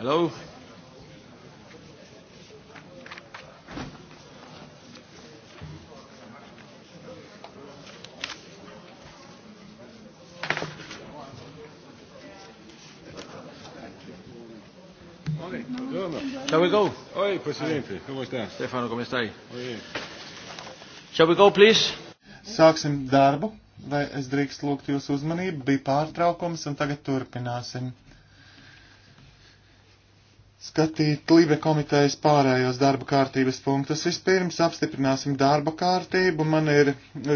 Hello? Shall we go? Oi, Presidente, como está? Stefano, come stai? Oi. Shall we go, please? Sāksim darbu. Vai es drīkst lūgt jūsu uzmanību? Bija pārtraukums un tagad turpināsim skatīt Libe komitejas pārējos darba kārtības punktus. Vispirms apstiprināsim darba kārtību. Man ir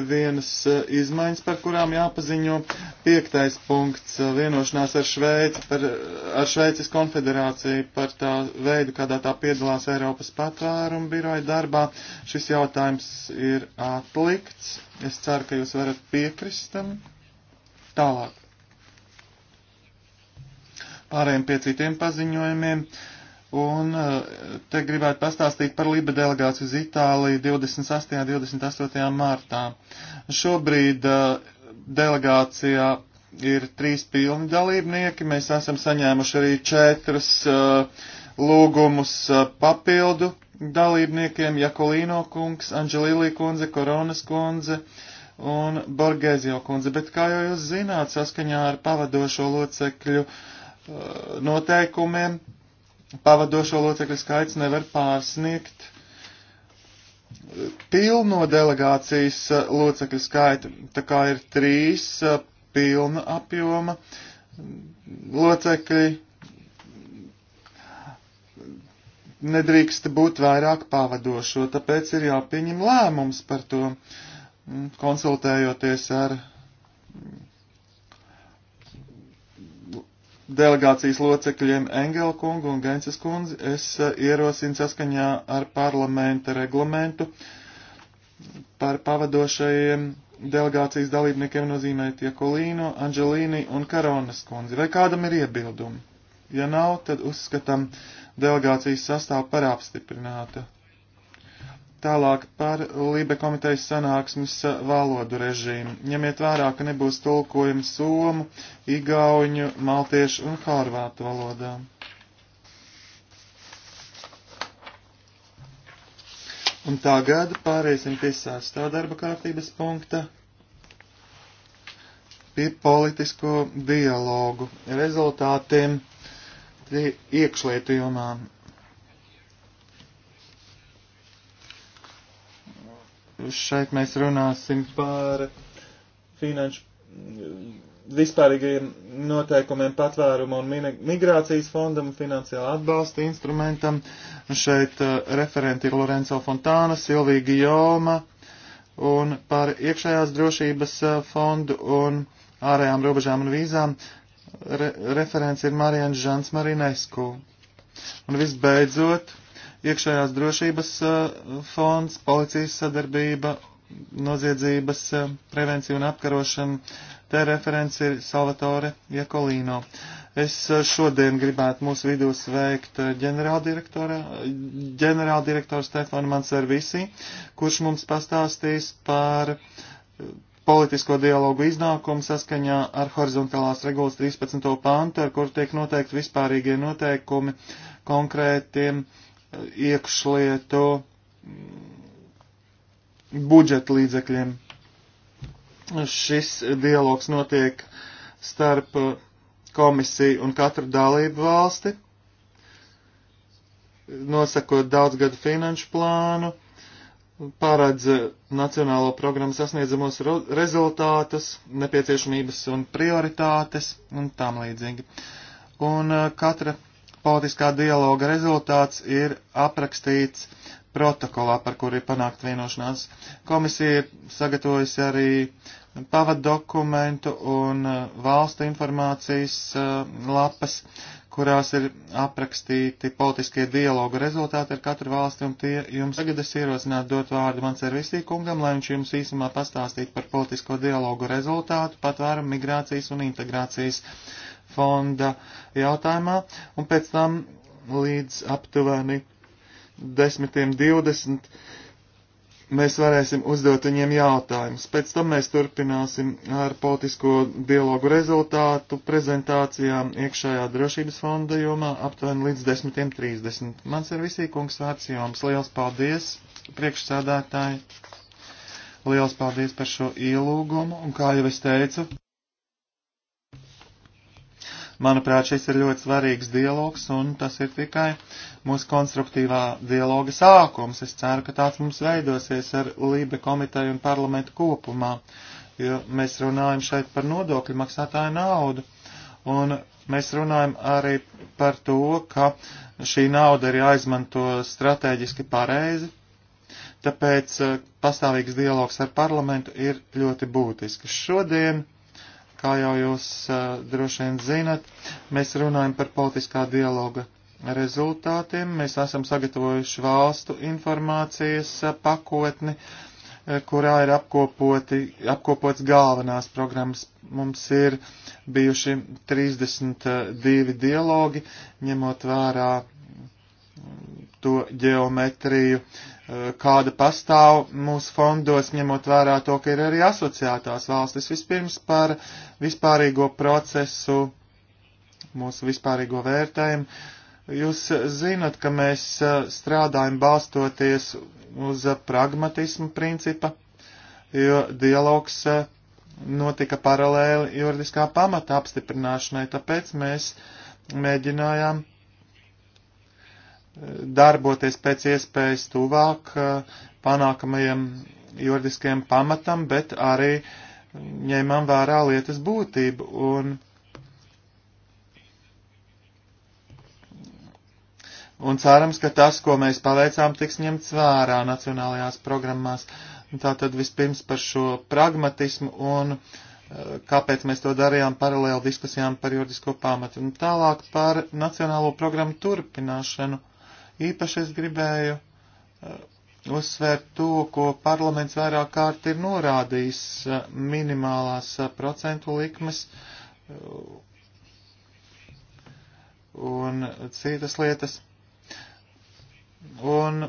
vienas eh, izmaiņas, par kurām jāpaziņo. Piektais punkts eh, - vienošanās ar Šveici, par, eh, ar Šveicis konfederāciju par tā veidu, kādā tā piedalās Eiropas patvērumu biroja darbā. Šis jautājums ir atlikts. Es ceru, ka jūs varat piekrist tam. Tālāk. Pārējiem pie citiem paziņojumiem. Uh, Un eh, te gribētu pastāstīt par Liba delegāciju uz Itāliju 28. un 28. martā. Šobrīd eh, delegācijā ir trīs pilni dalībnieki. Mēs esam saņēmuši arī četras eh, lūgumus papildu dalībniekiem - Jakolīno kungs, Anģelīlī kundze, Koronas kundze un Borgēzio kundze. Bet kā jau jūs zināt, saskaņā ar pavadošo locekļu noteikumiem pavadošo locekļu skaits nevar pārsniegt pilno delegācijas eh, locekļu skaitu. Tā kā ir trīs eh, pilna apjoma locekļi. Nedrīkst būt vairāk pavadošo, tāpēc ir jāpieņem lēmums par to, mm, konsultējoties ar mm, delegācijas locekļiem Engelkungu un Gences kundzi es eh, ierosinu saskaņā ar parlamenta reglamentu par pavadošajiem delegācijas dalībniekiem nozīmēt Jekolīno, Anģelīni un Karonas kundzi. Vai kādam ir iebildumi? Ja nav, tad uzskatam delegācijas sastāvu par apstiprinātu. Tālāk par Lībe komitejas sanāksmes eh, valodu režīmu. Ņemiet vērā, ka nebūs tulkojumi somu, igauņu, maltiešu un horvātu valodām. Un tagad pāriesim pie sastā darba kārtības punkta pie politisko dialogu rezultātiem iekšlietu jomām Šeit mēs runāsim par finanšu vispārīgajiem noteikumiem patvērumu un migrācijas fondam, finansiāla atbalsta instrumentam. Šeit uh, referenti ir Lorenzo Fontāna, Silvija Gijoma un par iekšējās drošības uh, fondu un ārējām robežām un vīzām. Re referents ir Marijans Žants Marinesku. Un visbeidzot, iekšējās drošības eh, fonds, policijas sadarbība, noziedzības eh, prevencija un apkarošana. Te referents ir Salvatore Jekolīno. Es eh, šodien gribētu mūsu vidū sveikt ģenerāldirektoru Stefanu Manservisi, kurš mums pastāstīs par politisko dialogu iznākumu saskaņā ar horizontālās regulas 13. pantu, ar kuru tiek noteikti vispārīgie noteikumi konkrētiem uh, iekšlietu budžeta līdzekļiem. Šis dialogs notiek starp komisiju un katru dalību valsti, nosakot daudzgadu finanšu plānu, paredz nacionālo programmu sasniedzamos rezultātus, nepieciešamības un prioritātes un tam līdzīgi. Un uh, katra politiskā dialoga rezultāts ir aprakstīts protokolā, par kuru ir panākt vienošanās. Komisija ir sagatavojusi arī pavaddokumentu un uh, valstu informācijas uh, lapas, kurās ir aprakstīti politiskie dialogu rezultāti ar katru valsti, un tie jums tagad es ierosinātu dot vārdu man servisī kungam, lai viņš jums īsumā pastāstītu par politisko dialogu rezultātu patvērumu migrācijas un integrācijas fonda jautājumā, un pēc tam līdz aptuveni 10.20 mēs varēsim uzdot viņiem jautājumus. Pēc tam mēs turpināsim ar politisko dialogu rezultātu prezentācijām iekšējā drošības fonda jomā aptuveni līdz 10.30. Mans ir visī kungs vārds jums. Liels paldies, priekšsādātāji! Liels paldies par šo ielūgumu, un kā jau es teicu, Manuprāt, šis ir ļoti svarīgs dialogs, un tas ir tikai mūsu konstruktīvā dialoga sākums. Es ceru, ka tāds mums veidosies ar Lībe komiteju un parlamentu kopumā, jo mēs runājam šeit par nodokļu maksātāju naudu. Un mēs runājam arī par to, ka šī nauda ir jāizmanto strateģiski pareizi, tāpēc eh, pastāvīgs dialogs ar parlamentu ir ļoti būtisks. Šodien Kā jau jūs uh, droši vien zinat, mēs runājam par politiskā dialoga rezultātiem. Mēs esam sagatavojuši valstu informācijas uh, pakotni, uh, kurā ir apkopoti, apkopots galvenās programmas. Mums ir bijuši 32 dialogi, ņemot vērā to ģeometriju. Uh, Eh, kāda pastāv mūsu fondos, ņemot vērā to, ka ir arī asociētās valstis. Vispirms par vispārīgo procesu, mūsu vispārīgo vērtējumu. Jūs zinat, ka mēs eh, strādājam balstoties uz eh, pragmatismu principa, jo dialogs notika paralēli juridiskā pamata apstiprināšanai, tāpēc mēs mēģinājām darboties pēc iespējas tuvāk eh, panākamajam juridiskajam pamatam, bet arī ņēmām vērā lietas būtību. Un, un cerams, ka tas, ko mēs paveicām, tiks ņemts vērā nacionālajās programmās. Tātad vispirms par šo pragmatismu un eh, kāpēc mēs to darījām paralēli diskusijām par juridisko pamatu. Un tālāk par nacionālo programmu turpināšanu. Īpaši es gribēju eh, uzsvērt to, ko parlaments vairāk kārt ir norādījis eh, minimālās eh, procentu likmes un citas lietas. Un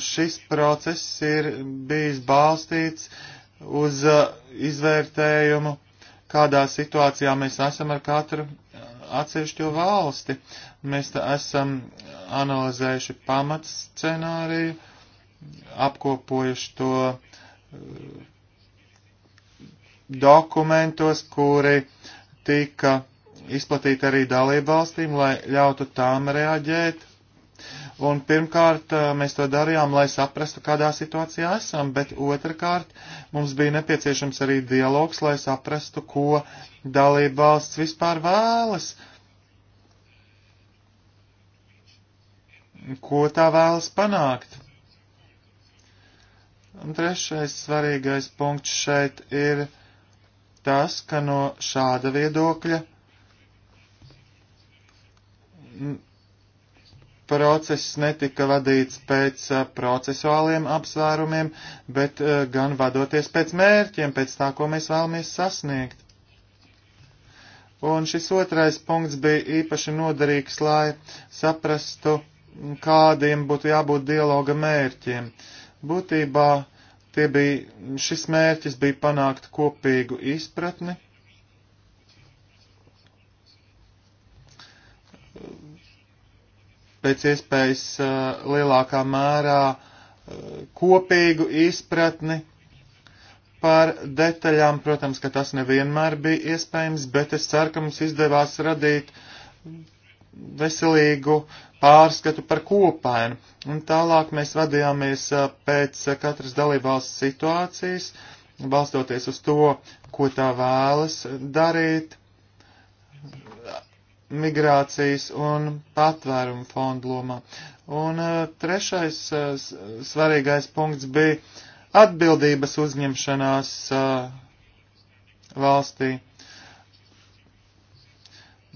šis process ir bijis balstīts uz izvērtējumu, kādā situācijā mēs esam ar katru atsevišķo valsti. Mēs tā esam analizējuši pamats scenāriju, apkopojuši to uh, dokumentos, kuri tika izplatīti arī dalību valstīm, lai ļautu tām reaģēt. Un pirmkārt, uh, mēs to darījām, lai saprastu, kādā situācijā esam, bet otrkārt, mums bija nepieciešams arī dialogs, lai saprastu, ko dalību valsts vispār vēlas. Uh, ko tā vēlas panākt. Un trešais svarīgais punkts šeit ir tas, ka no šāda viedokļa process netika vadīts pēc procesuāliem apsvērumiem, bet gan vadoties pēc mērķiem, pēc tā, ko mēs vēlamies sasniegt. Un šis otrais punkts bija īpaši noderīgs, lai saprastu, kādiem būtu jābūt dialoga mērķiem. Būtībā tie bija, šis mērķis bija panākt kopīgu izpratni. Pēc iespējas uh, lielākā mērā uh, kopīgu izpratni par detaļām. Protams, ka tas nevienmēr bija iespējams, bet es ceru, ka mums izdevās radīt veselīgu uh, pārskatu par kopainu. Un tālāk mēs vadījāmies pēc katras dalībvalsts situācijas, balstoties uz to, ko tā vēlas darīt migrācijas un patvērumu fondu lomā. Un trešais svarīgais punkts bija atbildības uzņemšanās valstī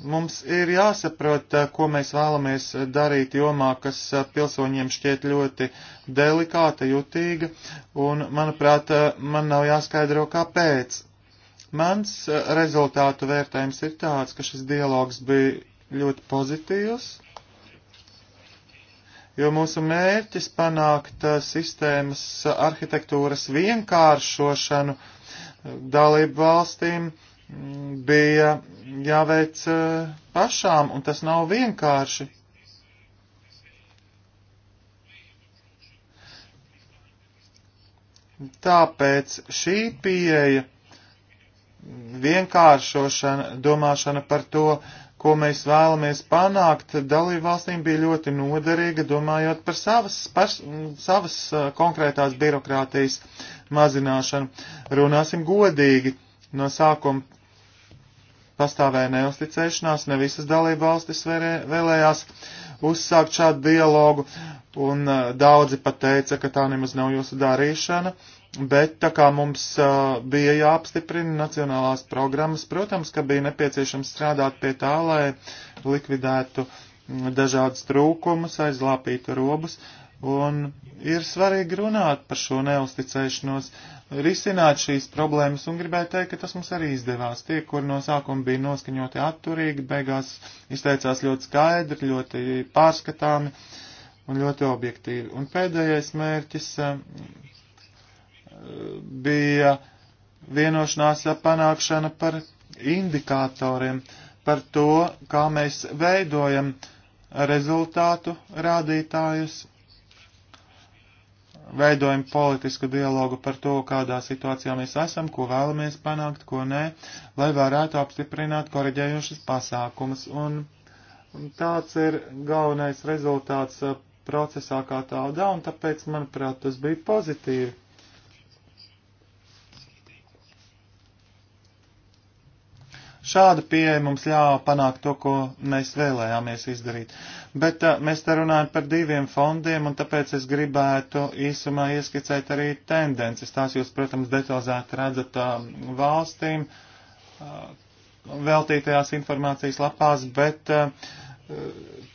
Mums ir jāsaprot, eh, ko mēs vēlamies eh, darīt jomā, kas eh, pilsoņiem šķiet ļoti delikāta, jutīga, un, manuprāt, man nav jāskaidro, kāpēc. Mans rezultātu vērtējums ir tāds, ka šis dialogs bija ļoti pozitīvs, jo mūsu mērķis panākt sistēmas arhitektūras vienkāršošanu dalību valstīm, uh, bija jāveic eh, pašām, un tas nav vienkārši. Tāpēc šī pieeja, vienkāršošana, domāšana par to, ko mēs vēlamies panākt, dalību valstīm bija ļoti noderīga, domājot par savas, par, savas eh, konkrētās birokrātijas mazināšanu. Runāsim godīgi. No sākuma pastāvēja neusticēšanās, ne visas dalība valstis vēlējās uzsākt šādu dialogu, un uh, daudzi pat teica, ka tā nemaz nav jūsu darīšana, bet tā kā mums uh, bija jāapstiprina nacionālās programmas, protams, ka bija nepieciešams strādāt pie tā, lai likvidētu mm, dažādas trūkumus, aizlāpītu robus, uh, Un ir svarīgi runāt par šo neusticēšanos, risināt šīs problēmas, un gribēju teikt, ka tas mums arī izdevās. Tie, kur no sākuma bija noskaņoti atturīgi, beigās izteicās ļoti skaidri, ļoti pārskatāmi un ļoti objektīvi. Un pēdējais mērķis eh, bija vienošanās panākšana par indikatoriem, par to, kā mēs veidojam rezultātu rādītājus veidojam politisku dialogu par to, kādā situācijā mēs esam, ko vēlamies panākt, ko nē, lai varētu apstiprināt koreģējušas pasākumus. Un tāds ir galvenais rezultāts uh, procesā kā tādā, un tāpēc, manuprāt, tas bija pozitīvi. Šāda pieeja mums ļāva panākt to, ko mēs vēlējāmies izdarīt. Bet uh, mēs te runājam par diviem fondiem, un tāpēc es gribētu īsumā ieskicēt arī tendences. Tās jūs, protams, detalizēti redzat uh, valstīm uh, veltītajās informācijas lapās, bet uh,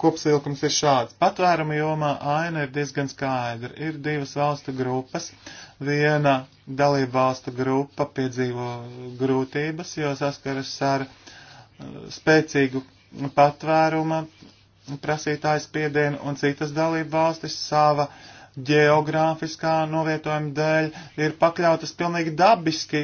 kopsvilkums ir šāds. Patvēruma jomā aina e ir diezgan skaidra. Ir divas valstu grupas viena dalībvalstu grupa piedzīvo grūtības, jo saskaras ar uh, spēcīgu patvēruma prasītāju spiedienu, un citas dalībvalstis sava ģeogrāfiskā novietojuma dēļ ir pakļautas pilnīgi dabiski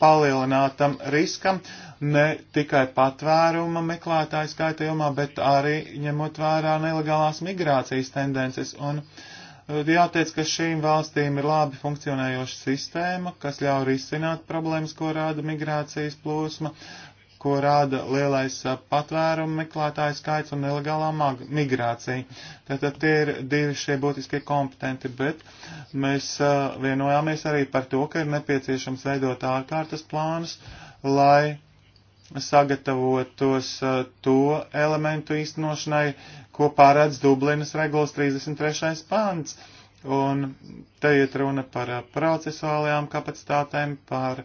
palielinātam riskam, ne tikai patvēruma meklētāju skaitījumā, bet arī ņemot vērā nelegālās migrācijas tendences. Un, uh, Eh, jāteic, ka šīm valstīm ir labi funkcionējoša sistēma, kas ļauj risināt problēmas, ko rāda migrācijas plūsma, ko rāda lielais eh, patvērumu meklētāju skaits un nelegālā migrācija. Tātad tie ir divi šie būtiskie kompetenti, bet mēs eh, vienojāmies arī par to, ka ir nepieciešams veidot ārkārtas plānus, lai sagatavotos to elementu īstenošanai, ko pārēdz Dublinas regulas 33. pants. Un te iet runa par procesuālajām kapacitātēm, par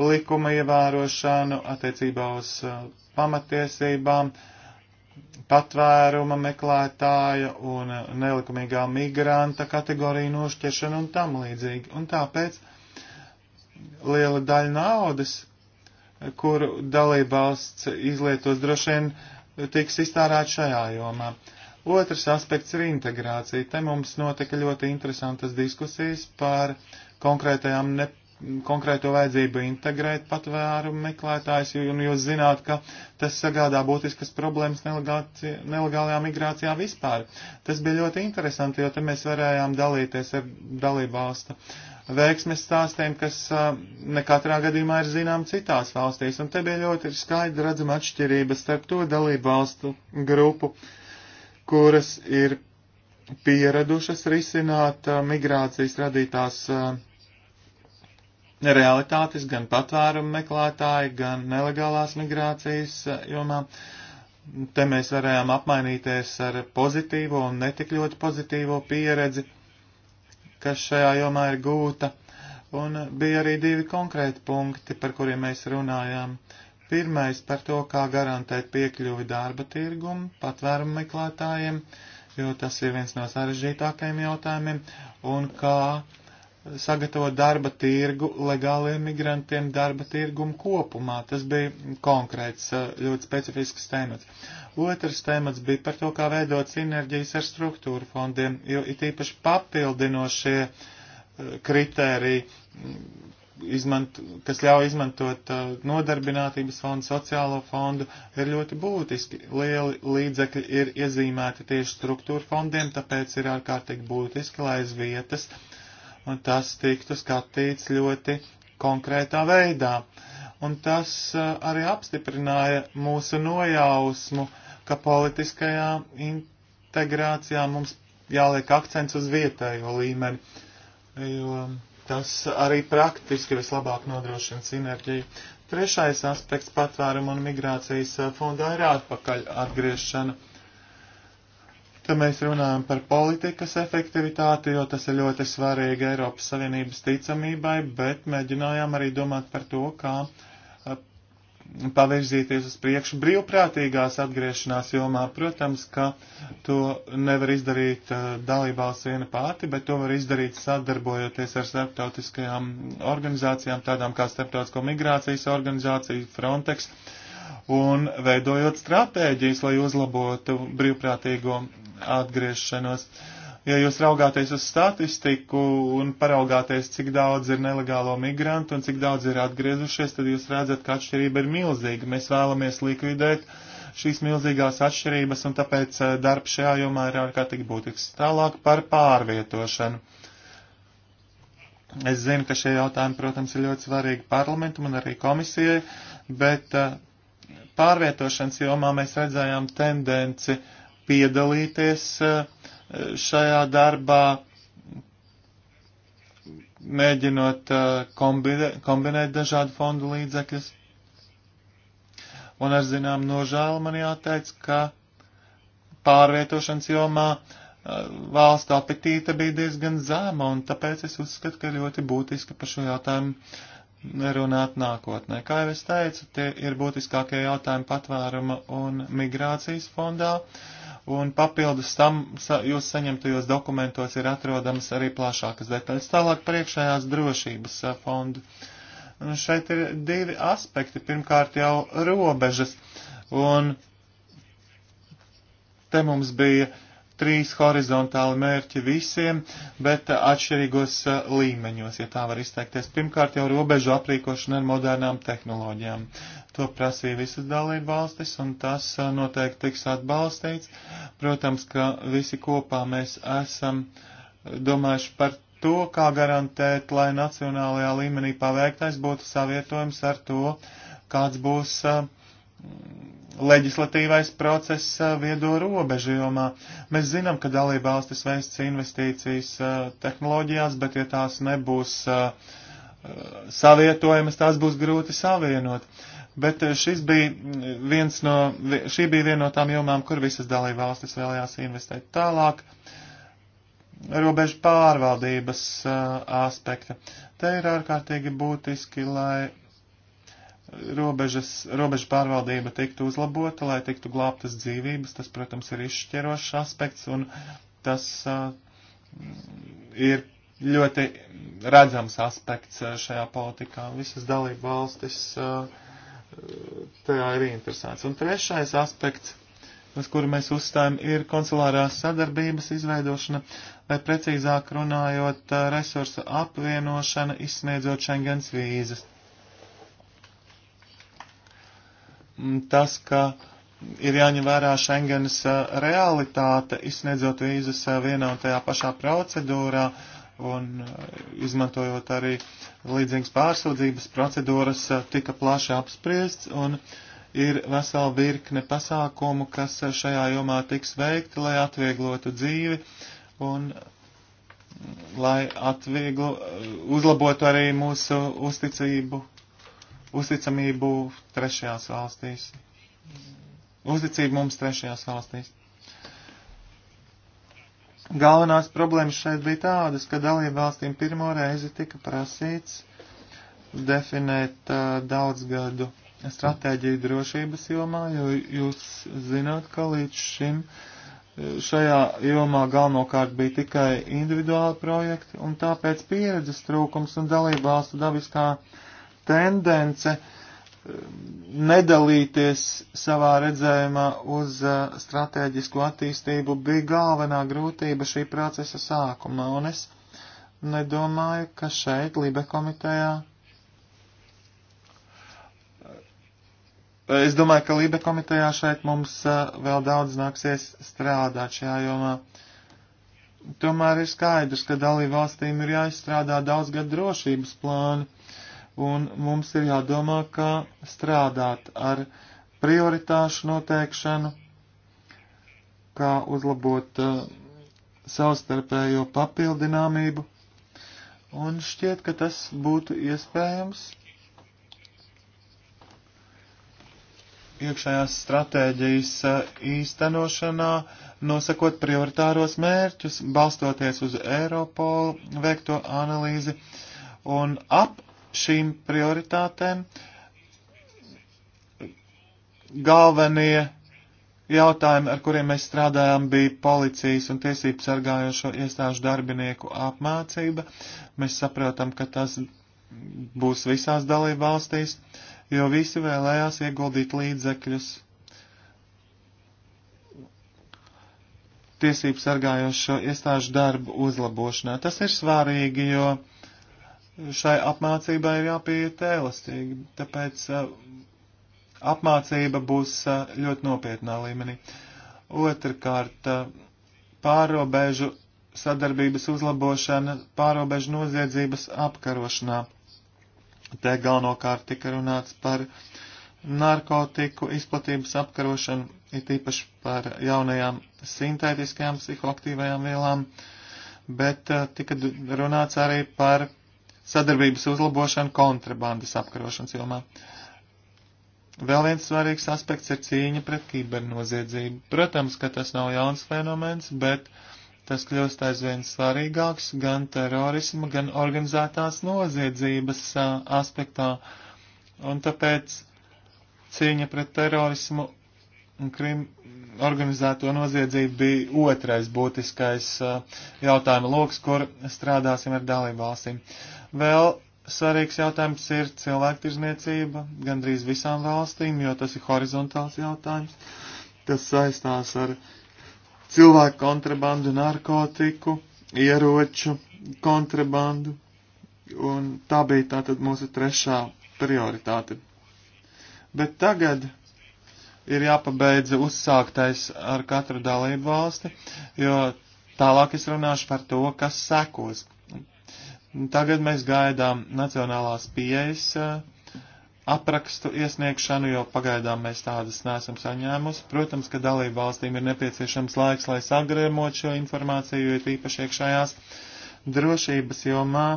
likuma ievērošanu attiecībā uz pamatiesībām, patvēruma meklētāja un nelikumīgā migranta kategoriju nošķiršanu un tam līdzīgi. Un tāpēc liela daļa naudas kuru dalībvalsts izlietos droši vien tiks iztērēt šajā jomā. Otrs aspekts ir integrācija. Te mums notika ļoti interesantas diskusijas par konkrētajām ne, konkrēto vajadzību integrēt patvērumu meklētājs, un jūs zināt, ka tas sagādā būtiskas problēmas nelegālajā migrācijā vispār. Tas bija ļoti interesanti, jo te mēs varējām dalīties ar dalībvalstu uh, veiksmes stāstiem, kas ne katrā gadījumā ir zinām citās valstīs, un te bija ļoti skaidri redzama atšķirība starp to dalību valstu grupu, kuras ir pieradušas risināt migrācijas radītās realitātes gan patvērumu meklētāji, gan nelegālās migrācijas jomā. Te mēs varējām apmainīties ar pozitīvo un netik ļoti pozitīvo pieredzi kas šajā jomā ir gūta, un bija arī divi konkrēti punkti, par kuriem mēs runājām. Pirmais par to, kā garantēt piekļuvi darba tirgumu patvērumu meklētājiem, jo tas ir viens no sarežģītākajiem jautājumiem, un kā sagatavot darba tirgu legāliem migrantiem darba tirgumu kopumā. Tas bija konkrēts, eh, ļoti specifisks temats. Otrs temats bija par to, kā veidot sinerģijas ar struktūru fondiem, jo it īpaši papildinošie eh, kritēriji, mm, izmant, kas ļauj izmantot eh, nodarbinātības fondu, sociālo fondu, ir ļoti būtiski. Lieli līdzekļi ir iezīmēti tieši struktūra fondiem, tāpēc ir ārkārtīgi būtiski, lai aiz vietas uh, un tas tiktu skatīts ļoti konkrētā veidā. Un tas uh, arī apstiprināja mūsu nojausmu, ka politiskajā integrācijā mums jāliek akcents uz vietējo līmeni, jo tas arī praktiski vislabāk nodrošina sinerģiju. Trešais aspekts patvērumu un migrācijas uh, fondā ir atpakaļ atgriešana. Te mēs runājam par politikas efektivitāti, jo tas ir ļoti svarīgi Eiropas Savienības ticamībai, bet mēģinājām arī domāt par to, kā pavirzīties uz priekšu brīvprātīgās atgriešanās jomā. Protams, ka to nevar izdarīt dalībvalsts viena pati, bet to var izdarīt sadarbojoties ar starptautiskajām organizācijām, tādām kā Starptautisko migrācijas organizācija, Frontex un veidojot stratēģijas, lai uzlabotu brīvprātīgo atgriešanos. Ja jūs raugāties uz statistiku un paraugāties, cik daudz ir nelegālo migrantu un cik daudz ir atgriezušies, tad jūs redzat, ka atšķirība ir milzīga. Mēs vēlamies likvidēt šīs milzīgās atšķirības, un tāpēc eh, darbs šajā jomā ir ārkārtīgi būtisks. Tālāk par pārvietošanu. Es zinu, ka šie jautājumi, protams, ir ļoti svarīgi parlamentam un arī komisijai, bet eh, pārvietošanas jomā mēs redzējām tendenci uh, piedalīties eh, šajā darbā, mēģinot eh, kombinē, kombinēt dažādu fondu līdzekļus. Un ar zinām nožēlu man jāteic, ka pārvietošanas jomā eh, valsts apetīte bija diezgan zēma, un tāpēc es uzskatu, ka ļoti būtiski par šo jautājumu runāt nākotnē. Kā jau es teicu, tie ir būtiskākie jautājumi patvēruma un migrācijas fondā. Uh, un papildus tam sa, jūs saņemtajos dokumentos ir atrodamas arī plašākas detaļas. Tālāk priekšējās drošības eh, fondu. Un šeit ir divi aspekti. Pirmkārt jau robežas, un te mums bija uh, trīs horizontāli mērķi visiem, bet uh, atšķirīgos uh, līmeņos, ja tā var izteikties. Pirmkārt jau robežu aprīkošana ar modernām tehnoloģijām. To prasīja visas dalību valstis, un tas uh, noteikti tiks atbalstīts. Protams, ka visi kopā mēs esam domājuši par to, kā garantēt, lai nacionālajā līmenī paveiktais būtu savietojums ar to, kāds būs uh, leģislatīvais process viedo robežu jomā. Mēs zinām, ka dalībvalstis veists investīcijas tehnoloģijās, bet ja tās nebūs savietojamas, tās būs grūti savienot. Bet šis bija viens no, šī bija viena no tām jomām, kur visas dalībvalstis vēlējās investēt tālāk. Robežu pārvaldības aspekta. Te ir ārkārtīgi būtiski, lai robežas, robežu pārvaldība tiktu uzlabota, lai tiktu glābtas dzīvības, tas, protams, ir izšķirošs aspekts, un tas uh, ir ļoti redzams aspekts šajā politikā. Visas dalība valstis uh, tajā ir interesants. Un trešais aspekts, uz kuru mēs uzstājam, ir konsulārās sadarbības izveidošana, vai precīzāk runājot, resursa apvienošana, izsniedzot Schengens vīzes Mm, tas, ka ir jāņem vērā Schengenas uh, realitāte, izsniedzot vīzas uh, vienā un tajā pašā procedūrā un uh, izmantojot arī līdzīgas pārsūdzības procedūras, tika plaši apspriests un ir vesela virkne pasākumu, kas šajā jomā tiks veikti, lai atvieglotu dzīvi un mm, lai atvieglo, uzlabotu arī mūsu uzticību uzticamību trešajās valstīs. Uzticību mums trešajās valstīs. Galvenās problēmas šeit bija tādas, ka dalību valstīm pirmo reizi tika prasīts definēt uh, daudzgadu stratēģiju drošības jomā, jo jūs zināt, ka līdz šim uh, šajā jomā galvenokārt bija tikai individuāli projekti, un tāpēc pieredzes trūkums un dalību valstu dabiskā uh, tendence um, nedalīties savā redzējumā uz uh, stratēģisko attīstību bija galvenā grūtība šī procesa sākumā, un es nedomāju, ka šeit Libe komitejā. Es domāju, ka Lībe komitejā šeit mums uh, vēl daudz nāksies strādāt šajā jomā. Tomēr ir skaidrs, ka dalību valstīm ir jāizstrādā daudz gadu drošības plāni, un mums ir jādomā, kā strādāt ar prioritāšu noteikšanu, kā uzlabot uh, savstarpējo papildināmību, un šķiet, ka tas būtu iespējams iekšējās stratēģijas eh, īstenošanā, nosakot prioritāros mērķus, balstoties uz Eiropolu veikto analīzi un ap šīm prioritātēm galvenie jautājumi, ar kuriem mēs strādājām, bija policijas un tiesību sargājošo iestāžu darbinieku apmācība. Mēs saprotam, ka tas būs visās dalību valstīs, jo visi vēlējās ieguldīt līdzekļus tiesību sargājošo iestāžu darbu uzlabošanā. Tas ir svarīgi, jo šai apmācībai ir jāpieiet elastīgi, tāpēc eh, apmācība būs eh, ļoti nopietnā līmenī. Otrakārt, eh, pārobežu sadarbības uzlabošana pārobežu noziedzības apkarošanā. Te galvenokārt tika runāts par narkotiku izplatības apkarošanu, it īpaši par jaunajām sintētiskajām psihoaktīvajām vielām, bet tika runāts arī par sadarbības uzlabošanu kontrabandas apkarošanas jomā. Vēl viens svarīgs aspekts ir cīņa pret kibernoziedzību. Protams, ka tas nav jauns fenomens, bet tas kļūst aizvien svarīgāks gan terorisma, gan organizētās noziedzības a, aspektā. Un tāpēc cīņa pret terorismu un krim, organizēto noziedzību bija otrais būtiskais eh, jautājuma lokus, kur strādāsim ar dalībvalstīm. Vēl svarīgs jautājums ir cilvēktirzniecība gandrīz visām valstīm, jo tas ir horizontāls jautājums. Tas saistās ar cilvēku kontrabandu, narkotiku, ieroču kontrabandu, un tā bija tātad mūsu trešā prioritāte. Bet tagad ir jāpabeidz uzsāktais ar katru dalību valsti, jo tālāk es runāšu par to, kas sekos. Tagad mēs gaidām nacionālās pieejas eh, aprakstu iesniegšanu, jo pagaidām mēs tādas nesam saņēmusi. Protams, ka dalību valstīm ir nepieciešams laiks, lai sagremot šo informāciju, jo īpaši iekšējās drošības jomā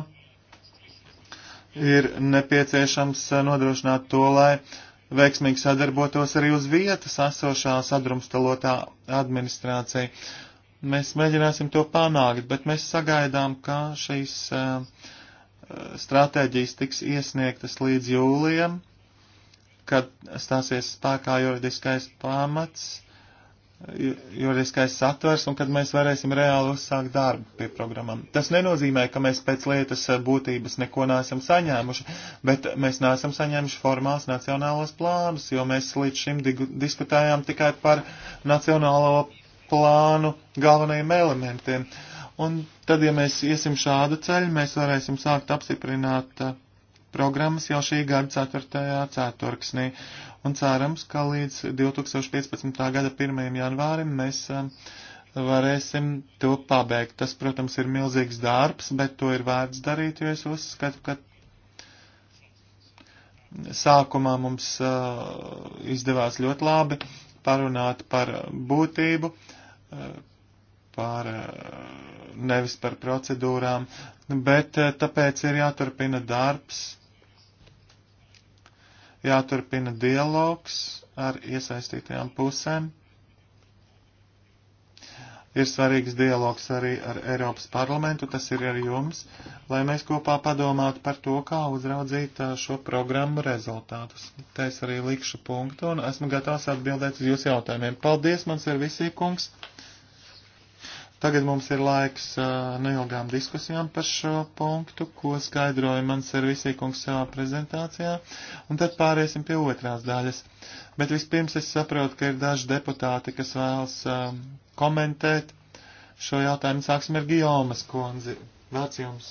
ir nepieciešams eh, nodrošināt to, lai uh, veiksmīgi sadarbotos arī uz vietas esošā sadrumstalotā administrācija. Mēs mēģināsim to panākt, bet mēs sagaidām, ka šīs uh, stratēģijas tiks iesniegtas līdz jūlijam, kad stāsies spēkā juridiskais pamats juridiskais satvers un kad mēs varēsim reāli uzsākt darbu pie programmām. Tas nenozīmē, ka mēs pēc lietas eh, būtības neko neesam saņēmuši, bet mēs neesam saņēmuši formāls nacionālos plānus, jo mēs līdz šim diskutējām tikai par nacionālo plānu galvenajiem elementiem. Un tad, ja mēs iesim šādu ceļu, mēs varēsim sākt apstiprināt uh, programmas jau šī gada 4. ceturksnī. Un cerams, ka līdz 2015. gada 1. janvārim mēs um, varēsim to pabeigt. Tas, protams, ir milzīgs darbs, bet to ir vērts darīt, jo es uzskatu, ka sākumā mums uh, izdevās ļoti labi parunāt par būtību, uh, par uh, nevis par procedūrām, bet uh, tāpēc ir jāturpina darbs jāturpina dialogs ar iesaistītajām pusēm. Ir svarīgs dialogs arī ar Eiropas parlamentu, tas ir ar jums, lai mēs kopā padomātu par to, kā uzraudzīt šo programmu rezultātus. Te es arī likšu punktu un esmu gatavs atbildēt uz jūsu jautājumiem. Paldies, mans ir visī kungs! Tagad mums ir laiks uh, neilgām diskusijām par šo punktu, ko skaidroja mans servisīkungs savā prezentācijā, un tad pāriesim pie otrās daļas. Bet vispirms es saprotu, ka ir daži deputāti, kas vēlas uh, komentēt šo jautājumu. Sāksim ar Gijomas kundzi. Vārds jums.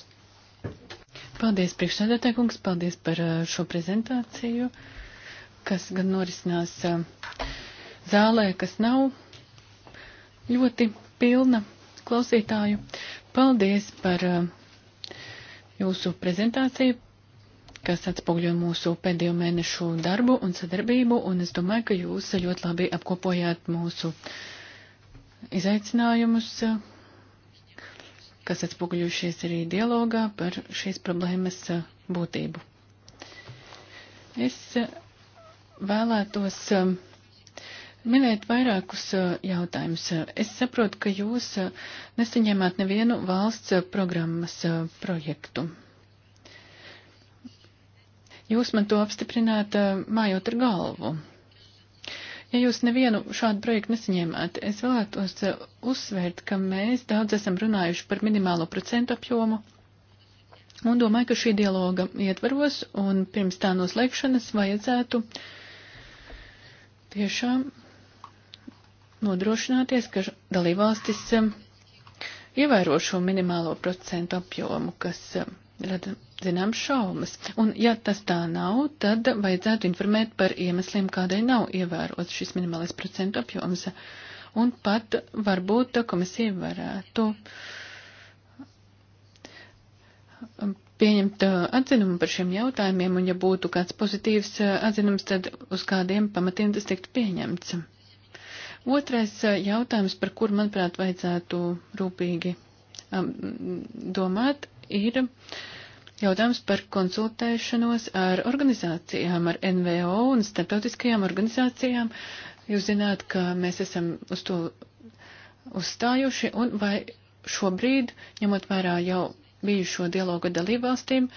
Paldies, priekšsēdētāj kungs, paldies par uh, šo prezentāciju, kas gan norisinās uh, zālē, kas nav ļoti pilna klausītāju. Paldies par uh, jūsu prezentāciju, kas atspoguļo mūsu pēdējo mēnešu darbu un sadarbību, un es domāju, ka jūs ļoti labi apkopojāt mūsu izaicinājumus, uh, kas atspoguļojušies arī dialogā par šīs problēmas uh, būtību. Es vēlētos um, minēt vairākus jautājumus. Es saprotu, ka jūs nesaņēmāt nevienu valsts programmas projektu. Jūs man to apstiprināt mājot ar galvu. Ja jūs nevienu šādu projektu nesaņēmāt, es vēlētos uzsvērt, ka mēs daudz esam runājuši par minimālo procentu apjomu. Un domāju, ka šī dialoga ietvaros un pirms tā noslēgšanas vajadzētu tiešām nodrošināties, ka dalībvalstis um, ievēro šo minimālo procentu apjomu, kas um, rada zināmas šaumas. Un, ja tas tā nav, tad vajadzētu informēt par iemesliem, kādēļ nav ievērots šis minimālais procentu apjoms. Un pat varbūt komisija varētu um, pieņemt uh, atzinumu par šiem jautājumiem, un ja būtu kāds pozitīvs uh, atzinums, tad uz kādiem pamatiem tas tiktu pieņemts. Otrais eh, jautājums, par kur, manuprāt, vajadzētu rūpīgi um, domāt, ir jautājums par konsultēšanos ar organizācijām, ar NVO un starptautiskajām organizācijām. Jūs zināt, ka mēs esam uz to uzstājuši, un vai šobrīd, ņemot vērā jau bijušo dialogu ar dalībvalstīm,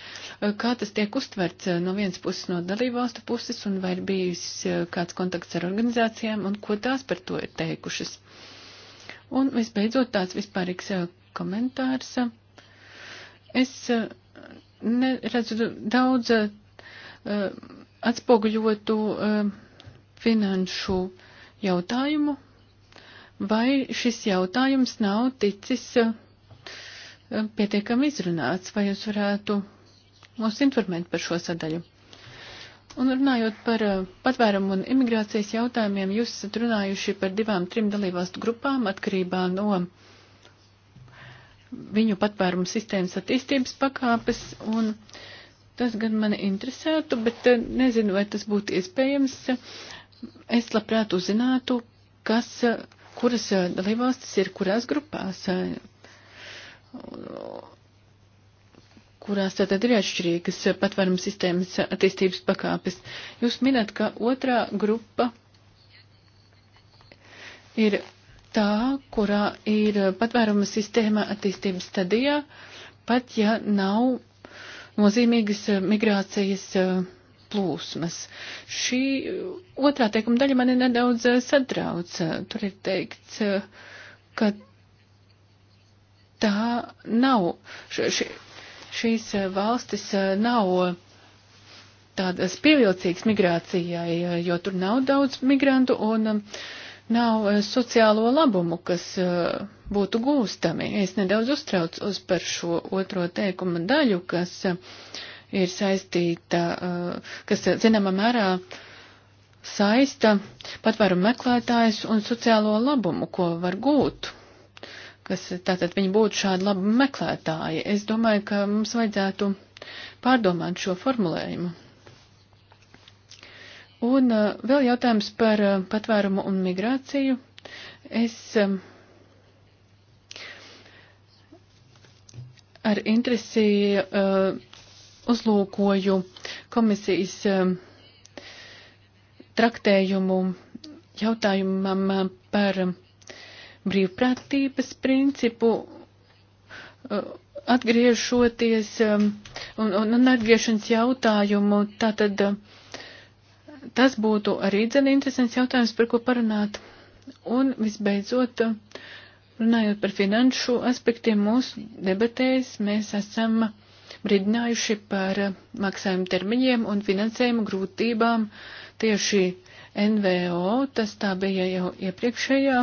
eh, kā tas tiek uztverts eh, no vienas puses no dalībvalstu puses un vai ir bijis eh, kāds kontakts ar organizācijām un ko tās par to ir teikušas. Un visbeidzot tāds vispārīgs komentārs. Es neredzu daudz atspoguļotu finanšu jautājumu, vai šis jautājums nav ticis pietiekami izrunāts. Vai jūs varētu mūs informēt par šo sadaļu? Un runājot par eh, patvērumu un imigrācijas jautājumiem, jūs esat runājuši par divām, trim dalībvalstu grupām atkarībā no viņu patvērumu sistēmas attīstības pakāpes. Un tas gan mani interesētu, bet eh, nezinu, vai tas būtu iespējams. Es labprāt uzzinātu, kas eh, kuras dalībvalstis ir kurās grupās kurās tātad ir atšķirīgas patvērums sistēmas attīstības pakāpes. Jūs minat, ka otrā grupa ir tā, kurā ir patvēruma sistēma attīstības stadijā, pat ja nav nozīmīgas migrācijas uh, plūsmas. Šī uh, otrā teikuma daļa mani nedaudz uh, satrauc. Tur ir teikts, ka tā nav. Š, š, šīs eh, valstis eh, nav eh, tādas pievilcīgas migrācijai, jo tur nav daudz migrantu un nav sociālo labumu, kas būtu gūstami. Es nedaudz uztrauc uz par šo otro teikuma daļu, kas ir saistīta, kas zināmā mērā saista patvērumu meklētājs un sociālo labumu, ko var gūt kas tātad viņi būtu šādi labi meklētāji. Es domāju, ka mums vajadzētu pārdomāt šo formulējumu. Un uh, vēl jautājums par uh, patvērumu un migrāciju. Es um, ar interesi uh, uzlūkoju komisijas um, traktējumu jautājumam par um, brīvprātības principu, uh, atgriežoties um, un, un, un atgriešanas jautājumu, tātad uh, tas būtu arī dzene interesants jautājums, par ko parunāt. Un visbeidzot, uh, runājot par finanšu aspektiem mūsu debatēs, mēs esam brīdinājuši par maksājumu termiņiem un finansējumu grūtībām tieši NVO, tas tā bija jau iepriekšējā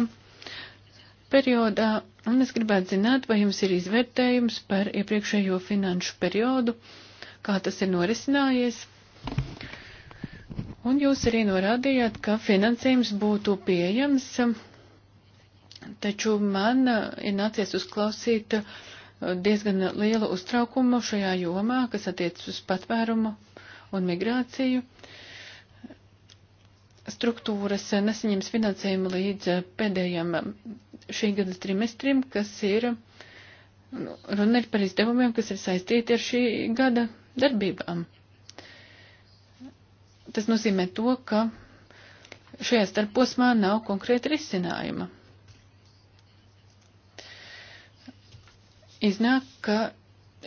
periodā, un es gribētu zināt, vai jums ir izvērtējums par iepriekšējo finanšu periodu, kā tas ir norisinājies. Un jūs arī norādījāt, ka finansējums būtu pieejams, taču man uh, ir nācies uzklausīt uh, diezgan lielu uztraukumu šajā jomā, kas attiec uz patvērumu un migrāciju struktūras nesaņems finansējumu līdz uh, pēdējiem šī gada trimestrim, kas ir nu, runa ir par izdevumiem, kas ir saistīti ar šī gada darbībām. Tas nozīmē to, ka šajā starposmā nav konkrēta risinājuma. Iznāk, ka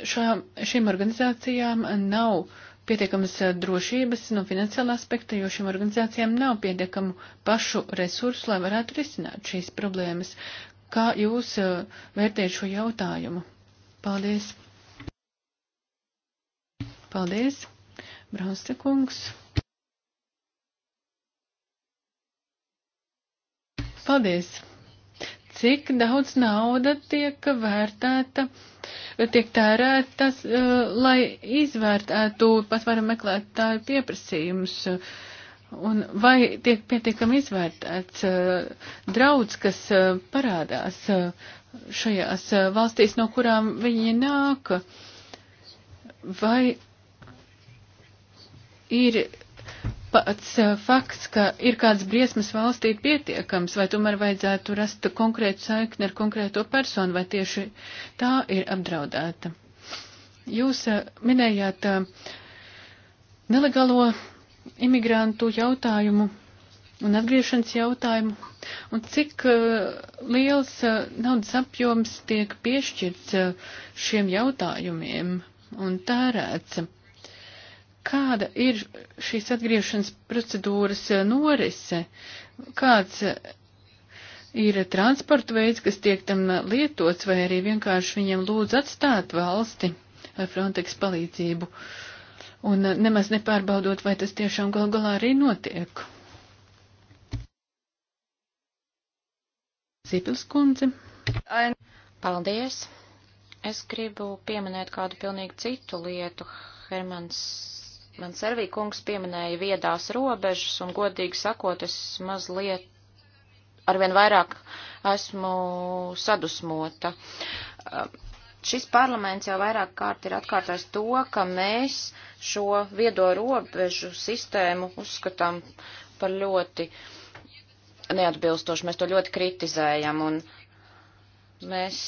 šā, šīm organizācijām nav pietiekamas eh, drošības no finansiāla aspekta, jo šīm organizācijām nav pietiekamu pašu resursu, lai varētu risināt šīs problēmas. Kā jūs eh, vērtējat šo jautājumu? Paldies! Paldies, Braunste kungs! Paldies! cik daudz nauda tiek vērtēta, tiek tērētas, eh, lai izvērtētu patvērumu meklētāju pieprasījumus. Un vai tiek pietiekami izvērtēts eh, draudz, kas eh, parādās šajās valstīs, no kurām viņi nāk? Vai ir pats eh, fakts, ka ir kāds briesmas valstī pietiekams, vai tomēr vajadzētu rast konkrētu saikni ar konkrēto personu, vai tieši tā ir apdraudēta. Jūs eh, minējāt eh, nelegālo imigrantu jautājumu un atgriešanas jautājumu, un cik liels naudas apjoms tiek piešķirts šiem jautājumiem un tērēts. Kāda ir šīs atgriešanas procedūras eh, norise? Kāds eh, ir transporta veids, kas tiek tam eh, lietots, vai arī vienkārši viņam lūdz atstāt valsti ar Frontex palīdzību, un nemaz nepārbaudot, vai tas tiešām gal galā arī notiek? Sipils kundze. Paldies. Es gribu pieminēt kādu pilnīgi citu lietu. Hermans Man servī kungs pieminēja viedās robežas, un godīgi sakot, es mazliet arvien vairāk esmu sadusmota. Šis parlaments jau vairāk kārt ir atkārtājis to, ka mēs šo viedo robežu sistēmu uzskatām par ļoti neatbilstošu. Mēs to ļoti kritizējam, un mēs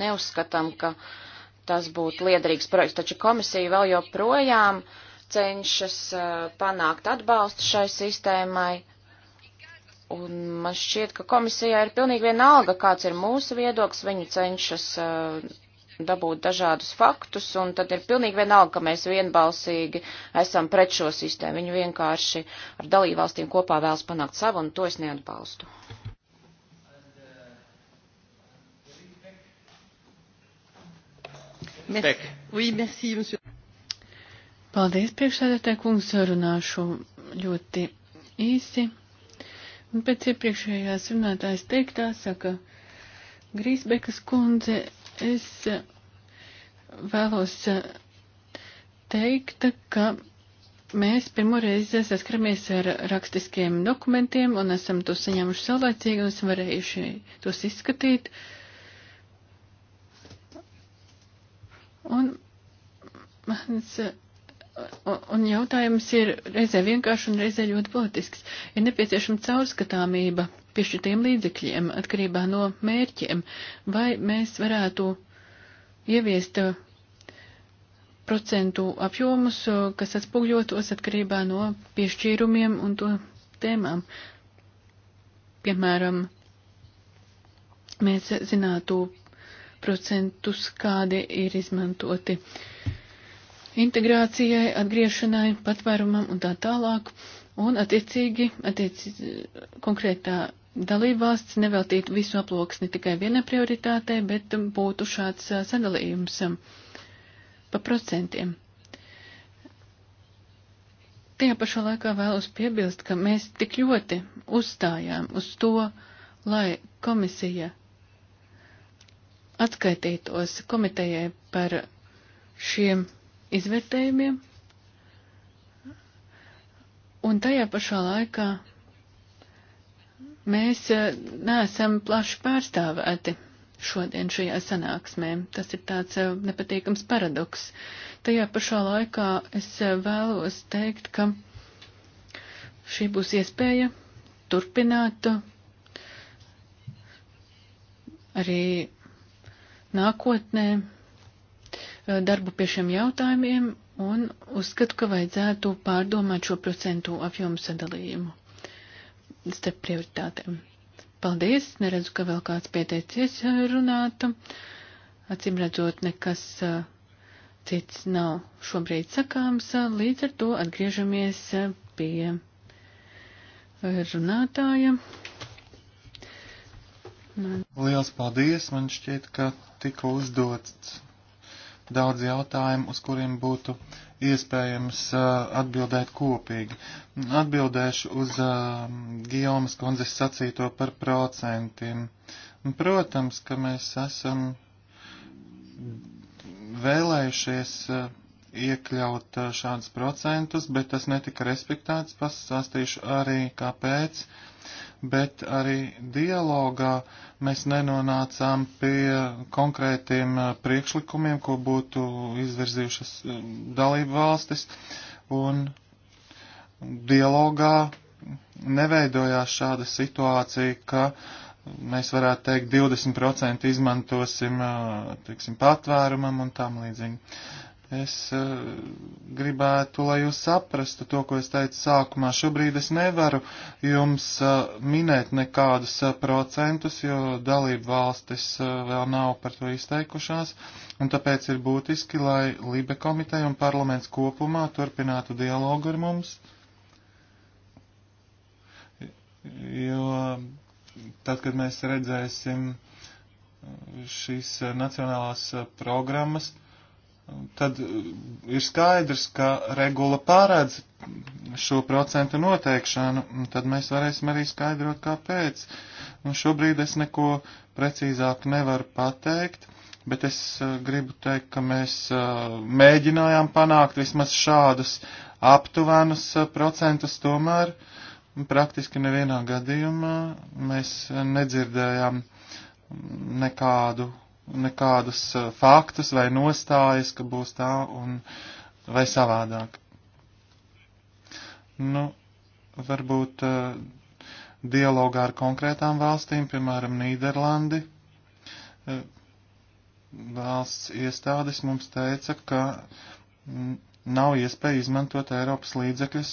neuzskatām, ka. Uh, tas būtu liederīgs projekts, taču komisija vēl joprojām cenšas eh, panākt atbalstu šai sistēmai. Un man šķiet, ka komisijā ir pilnīgi vienalga, kāds ir mūsu viedoklis, viņi cenšas uh, dabūt dažādus faktus, un tad ir pilnīgi vienalga, ka mēs vienbalsīgi esam pret šo sistēmu. Viņi vienkārši ar dalībvalstīm kopā vēlas panākt savu, un to es neatbalstu. Merci. Oui, merci, monsieur. Paldies, priekšsēdētāj kungs, runāšu ļoti īsi. Un pēc iepriekšējās runātājas teiktā saka Grīsbekas kundze, es vēlos teikt, ka mēs pirmoreiz saskaramies ar rakstiskiem dokumentiem un esam to saņēmuši saulēcīgi un esam varējuši tos izskatīt. Uh, Un, mans, un jautājums ir reizē vienkārši un reizē ļoti politisks. Ir nepieciešama caurskatāmība piešķirtiem līdzekļiem atkarībā no mērķiem, vai mēs varētu ieviest procentu apjomus, kas atspūgļotos atkarībā no piešķīrumiem un to tēmām. Piemēram, mēs zinātu procentus, kādi ir izmantoti integrācijai, atgriešanai, patvērumam un tā tālāk. Un attiecīgi, attiecīgi konkrētā dalībvalsts neveltītu visu aploksni tikai vienai prioritātei, bet būtu šāds sadalījums pa procentiem. Tajā pašā laikā vēlos piebilst, ka mēs tik ļoti uzstājām uz to, lai komisija atskaitītos komitejai par šiem izvērtējumiem, un tajā pašā laikā mēs eh, neesam plaši pārstāvēti šodien šajā sanāksmē. Tas ir tāds eh, nepatīkams paradoks. Tajā pašā laikā es eh, vēlos teikt, ka šī būs iespēja turpināt arī nākotnē darbu pie šiem jautājumiem un uzskatu, ka vajadzētu pārdomāt šo procentu apjomu sadalījumu starp prioritātēm. Paldies, neredzu, ka vēl kāds pieteicies runāt. Acīm redzot, nekas cits nav šobrīd sakāms, līdz ar to atgriežamies pie runātāja. Liels paldies! Man šķiet, ka tika uzdots daudz jautājumu, uz kuriem būtu iespējams uh, atbildēt kopīgi. Atbildēšu uz uh, Gijomas kundzes sacīto par procentiem. Protams, ka mēs esam vēlējušies uh, iekļaut uh, šādus procentus, bet tas netika respektēts. Pasastīšu arī, kāpēc. Uh, bet arī dialogā mēs nenonācām pie konkrētiem eh, priekšlikumiem, ko būtu izvirzījušas eh, dalību valstis, un dialogā neveidojās šāda situācija, ka mēs varētu teikt 20% izmantosim, eh, teiksim, patvērumam un tam līdzīgi. Es uh, gribētu, lai jūs saprastu to, ko es teicu sākumā. Šobrīd es nevaru jums uh, minēt nekādus uh, procentus, jo dalību valstis uh, vēl nav par to izteikušās, un tāpēc ir būtiski, lai Libe komiteja un parlaments kopumā turpinātu dialogu ar mums, jo tad, kad mēs redzēsim šīs nacionālās programmas, uh, tad uh, ir skaidrs, ka regula pārēdz šo procentu noteikšanu, un tad mēs varēsim arī skaidrot, kāpēc. Un šobrīd es neko precīzāk nevaru pateikt, bet es uh, gribu teikt, ka mēs uh, mēģinājām panākt vismaz šādus aptuvenus procentus, tomēr praktiski nevienā gadījumā mēs nedzirdējām nekādu nekādus eh, faktus vai nostājas, ka būs tā un vai savādāk. Nu, varbūt eh, dialogā ar konkrētām valstīm, piemēram, Nīderlandi, eh, valsts iestādes mums teica, ka mm, nav iespēja izmantot Eiropas līdzekļus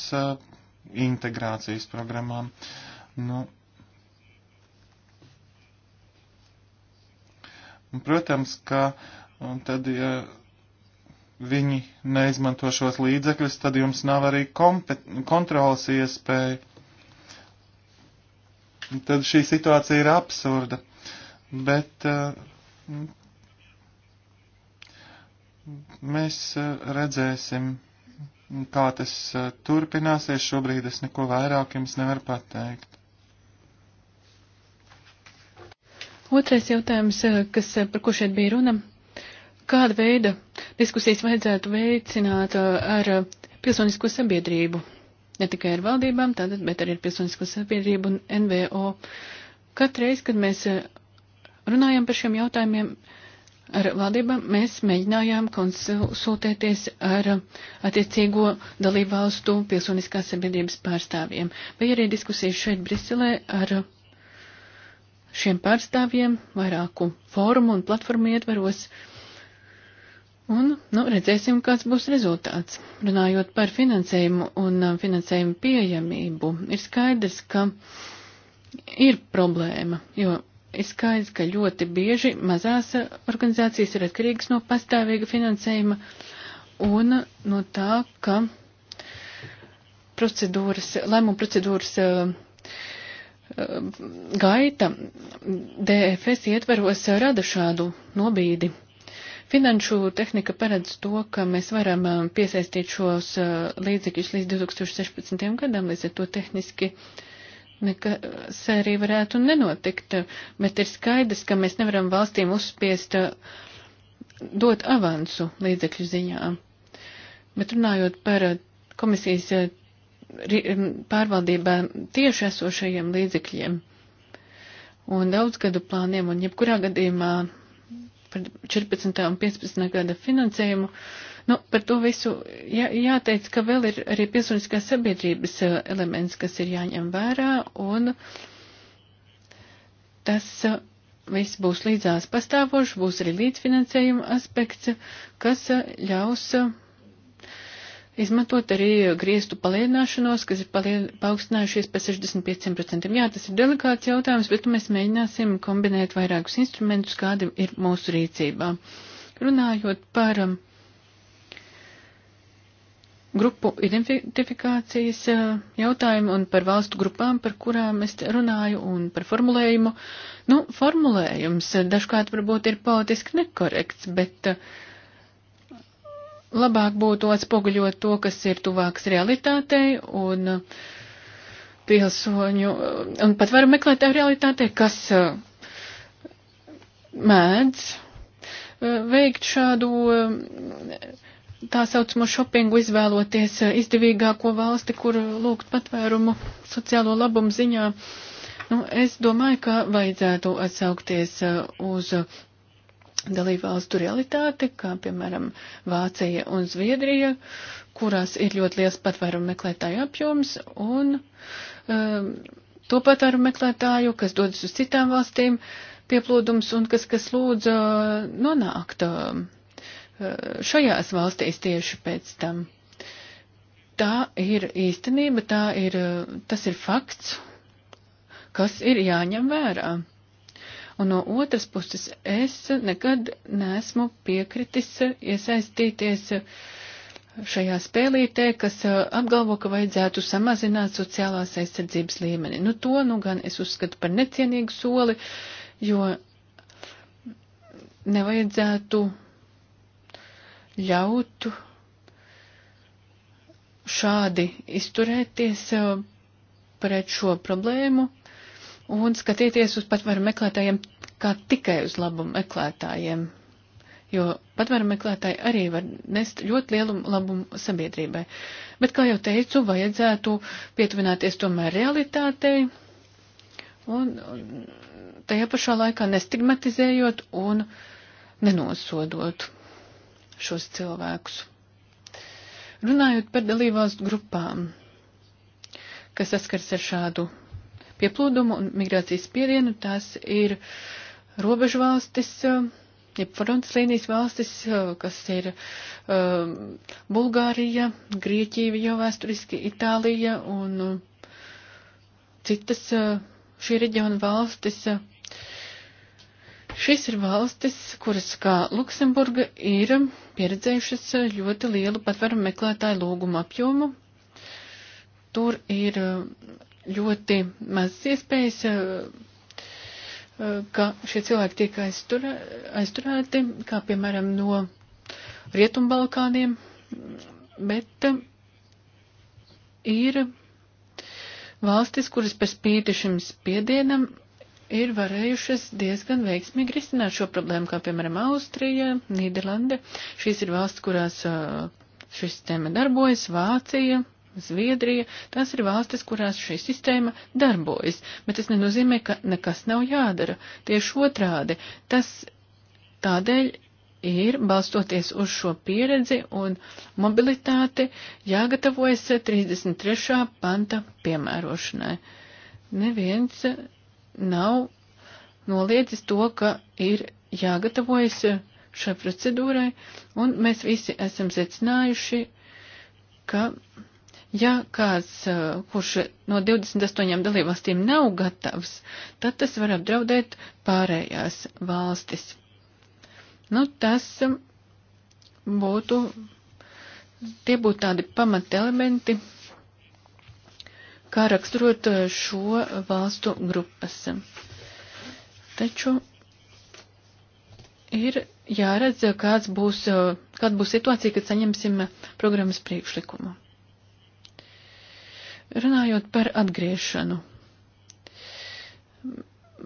integrācijas programmām. Nu, Un, protams, ka un tad, ja viņi neizmanto šos līdzekļus, tad jums nav arī kontrolas iespēja. Un tad šī situācija ir absurda. Bet uh, mēs eh, redzēsim, kā tas eh, turpināsies. Šobrīd es neko vairāk jums nevaru pateikt. Otrais jautājums, eh, kas, eh, par ko šeit bija runa, kāda veida diskusijas vajadzētu veicināt eh, ar pilsonisko sabiedrību? Ne tikai ar valdībām, tātad, bet arī ar pilsonisko sabiedrību un NVO. Katreiz, kad mēs runājam par šiem jautājumiem ar valdībām, mēs mēģinājām konsultēties ar attiecīgo dalībvalstu pilsoniskās sabiedrības pārstāvjiem. Vai arī diskusijas šeit Briselē ar šiem pārstāvjiem vairāku formu un platformu ietveros. Un, nu, redzēsim, kāds būs rezultāts. Runājot par finansējumu un uh, finansējumu pieejamību, ir skaidrs, ka ir problēma, jo ir skaidrs, ka ļoti bieži mazās organizācijas ir atkarīgas no pastāvīga finansējuma un no tā, ka procedūras, lēmumu procedūras uh, Um, gaita DFS ietveros rada šādu nobīdi. Finanšu tehnika paredz to, ka mēs varam um, piesaistīt šos uh, līdzekļus līdz 2016. gadam, līdz ar to tehniski nekas arī varētu nenotikt, bet ir skaidrs, ka mēs nevaram valstīm uzspiest uh, dot avansu līdzekļu ziņā. Bet runājot par uh, komisijas pārvaldībā tieši esošajiem līdzekļiem un daudzgadu plāniem, un jebkurā gadījumā par 14. un 15. gada finansējumu, nu, par to visu jā, jāteic, ka vēl ir arī pilsoniskās sabiedrības eh, elements, kas ir jāņem vērā, un tas eh, viss būs līdzās pastāvošs, būs arī līdzfinansējuma aspekts, kas eh, ļaus izmantot arī griestu palielināšanos, kas ir paaugstinājušies par 65%. Jā, tas ir delikāts jautājums, bet mēs mēģināsim kombinēt vairākus instrumentus, kādi ir mūsu rīcībā. Runājot par um, grupu identifikācijas uh, jautājumu un par valstu grupām, par kurām es runāju, un par formulējumu. Nu, formulējums uh, dažkārt varbūt ir politiski nekorekts, bet uh, labāk būtu atspoguļot to, kas ir tuvāks realitātei un pilsoņu, un pat varam meklēt tā realitātei, kas eh, mēdz eh, veikt šādu eh, tā saucamo šopingu, izvēloties izdevīgāko valsti, kur lūgt patvērumu sociālo labumu ziņā. Nu, es domāju, ka vajadzētu atsaukties uz dalībvalstu realitāti, kā piemēram Vācija un Zviedrija, kurās ir ļoti liels patvērumu meklētāju apjoms un um, to patvērumu meklētāju, kas dodas uz citām valstīm pieplūdums un kas, kas lūdz uh, nonākt um, uh, šajās valstīs tieši pēc tam. Tā ir īstenība, tā ir, uh, tas ir fakts, kas ir jāņem vērā. Un no otras puses, es nekad neesmu piekritis iesaistīties šajā spēlītē, kas apgalvo, ka vajadzētu samazināt sociālās aizsardzības līmeni. Nu, to nu gan es uzskatu par necienīgu soli, jo nevajadzētu ļaut šādi izturēties pret šo problēmu, un skatīties uz patvaru meklētājiem kā tikai uz labu meklētājiem, jo patvaru meklētāji arī var nest ļoti lielu labumu sabiedrībai. Bet, kā jau teicu, vajadzētu pietuvināties tomēr realitātei un tajā pašā laikā nestigmatizējot un nenosodot šos cilvēkus. Runājot par dalībās grupām, kas saskars ar šādu pieplūdumu un migrācijas spiedienu. Tās ir robežu valstis, eh, ja frontes līnijas valstis, eh, kas ir um, Bulgārija, Grieķija jau vēsturiski, Itālija un um, citas uh, šī reģiona valstis. Šīs ir valstis, kuras kā Luksemburga ir pieredzējušas ļoti lielu patvērumu meklētāju lūgumu apjomu. Tur ir ļoti maz iespējas, eh, eh, ka šie cilvēki tiek aizturē, aizturēti, kā piemēram no Rietumbalkāniem, bet eh, ir valstis, kuras par spīti šim spiedienam ir varējušas diezgan veiksmīgi risināt šo problēmu, kā piemēram Austrija, Nīderlande. Šīs ir valsts, kurās šis tēma darbojas, Vācija, Zviedrija, tās ir valstis, kurās šī sistēma darbojas, bet tas nenozīmē, ka nekas nav jādara. Tieši otrādi, tas tādēļ ir, balstoties uz šo pieredzi un mobilitāti, jāgatavojas 33. panta piemērošanai. Neviens nav noliedzis to, ka ir jāgatavojas šai procedūrai, un mēs visi esam secinājuši, ka Ja kāds, eh, kurš no 28 dalībvalstīm nav gatavs, tad tas var apdraudēt pārējās valstis. Nu, tas mm, būtu, tie būtu tādi pamatelementi, kā raksturot eh, šo valstu grupas. Taču ir jāredz, eh, kāds būs, kāda būs situācija, kad saņemsim programmas priekšlikumu. Runājot par atgriešanu,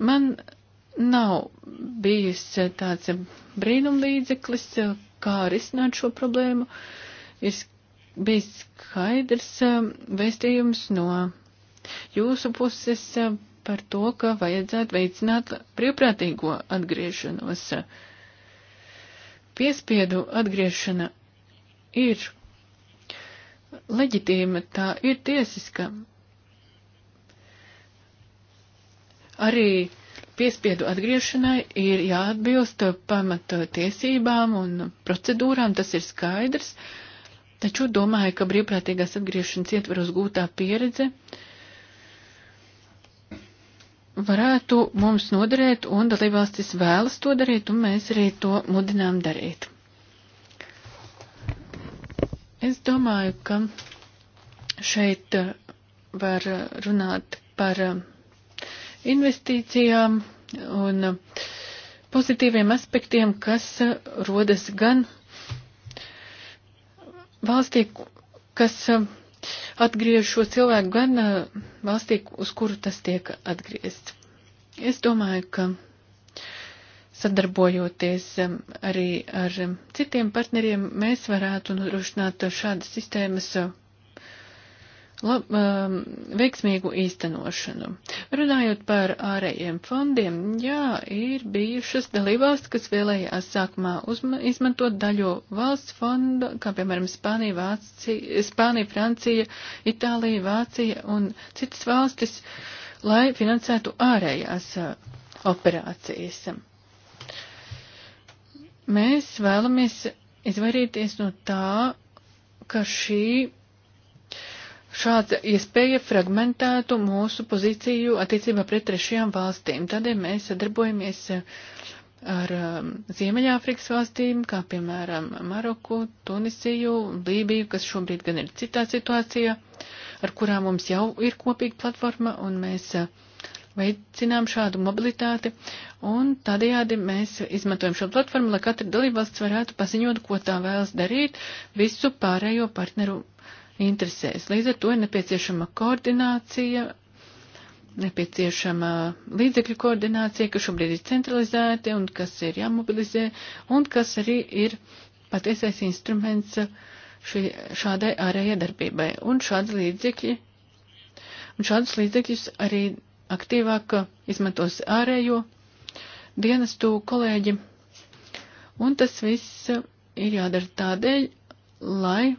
man nav bijis tāds brīnumlīdzeklis, kā risināt šo problēmu. Ir bijis skaidrs eh, vēstījums no jūsu puses eh, par to, ka vajadzētu veicināt brīvprātīgo atgriešanos. Piespiedu atgriešana ir leģitīma, tā ir tiesiska. Arī piespiedu atgriešanai ir jāatbilst pamata tiesībām un procedūrām, tas ir skaidrs, taču domāju, ka brīvprātīgās atgriešanas ietveros gūtā pieredze varētu mums noderēt, un dalībvalstis vēlas to darīt, un mēs arī to mudinām darīt. Es domāju, ka šeit eh, var runāt par eh, investīcijām un eh, pozitīviem aspektiem, kas rodas gan valstī, kas atgriež šo cilvēku, gan valstī, uz kuru tas tiek atgriezts. Es domāju, ka sadarbojoties um, arī ar um, citiem partneriem, mēs varētu nodrošināt šādas sistēmas uh, lab, um, veiksmīgu īstenošanu. Runājot par ārējiem fondiem, jā, ir bijušas dalībvalsts, kas vēlējās sākumā uzma, izmantot daļo valsts fondu, kā piemēram Spānija, Vācija, Spānija, Francija, Itālija, Vācija un citas valstis, lai finansētu ārējās uh, operācijas. Mēs vēlamies izvairīties no tā, ka šī šāda iespēja fragmentētu mūsu pozīciju attiecībā pret trešajām valstīm. Tādēļ mēs sadarbojamies ar um, Ziemeļāfrikas valstīm, kā piemēram Maroku, Tunisiju, Lībiju, kas šobrīd gan ir citā situācijā, ar kurām mums jau ir kopīga platforma, un mēs uh, veicinām šādu mobilitāti, un tādējādi mēs izmantojam šo platformu, lai katra dalībvalsts varētu paziņot, ko tā vēlas darīt visu pārējo partneru interesēs. Līdz ar to ir nepieciešama koordinācija, nepieciešama līdzekļu koordinācija, kas šobrīd ir centralizēta un kas ir jāmobilizē, un kas arī ir patiesais instruments šī, šādai ārējai darbībai. Un šādi līdzekļi, un šādus līdzekļus arī aktīvāk izmantos ārējo dienestu kolēģi. Un tas viss ir jādara tādēļ, lai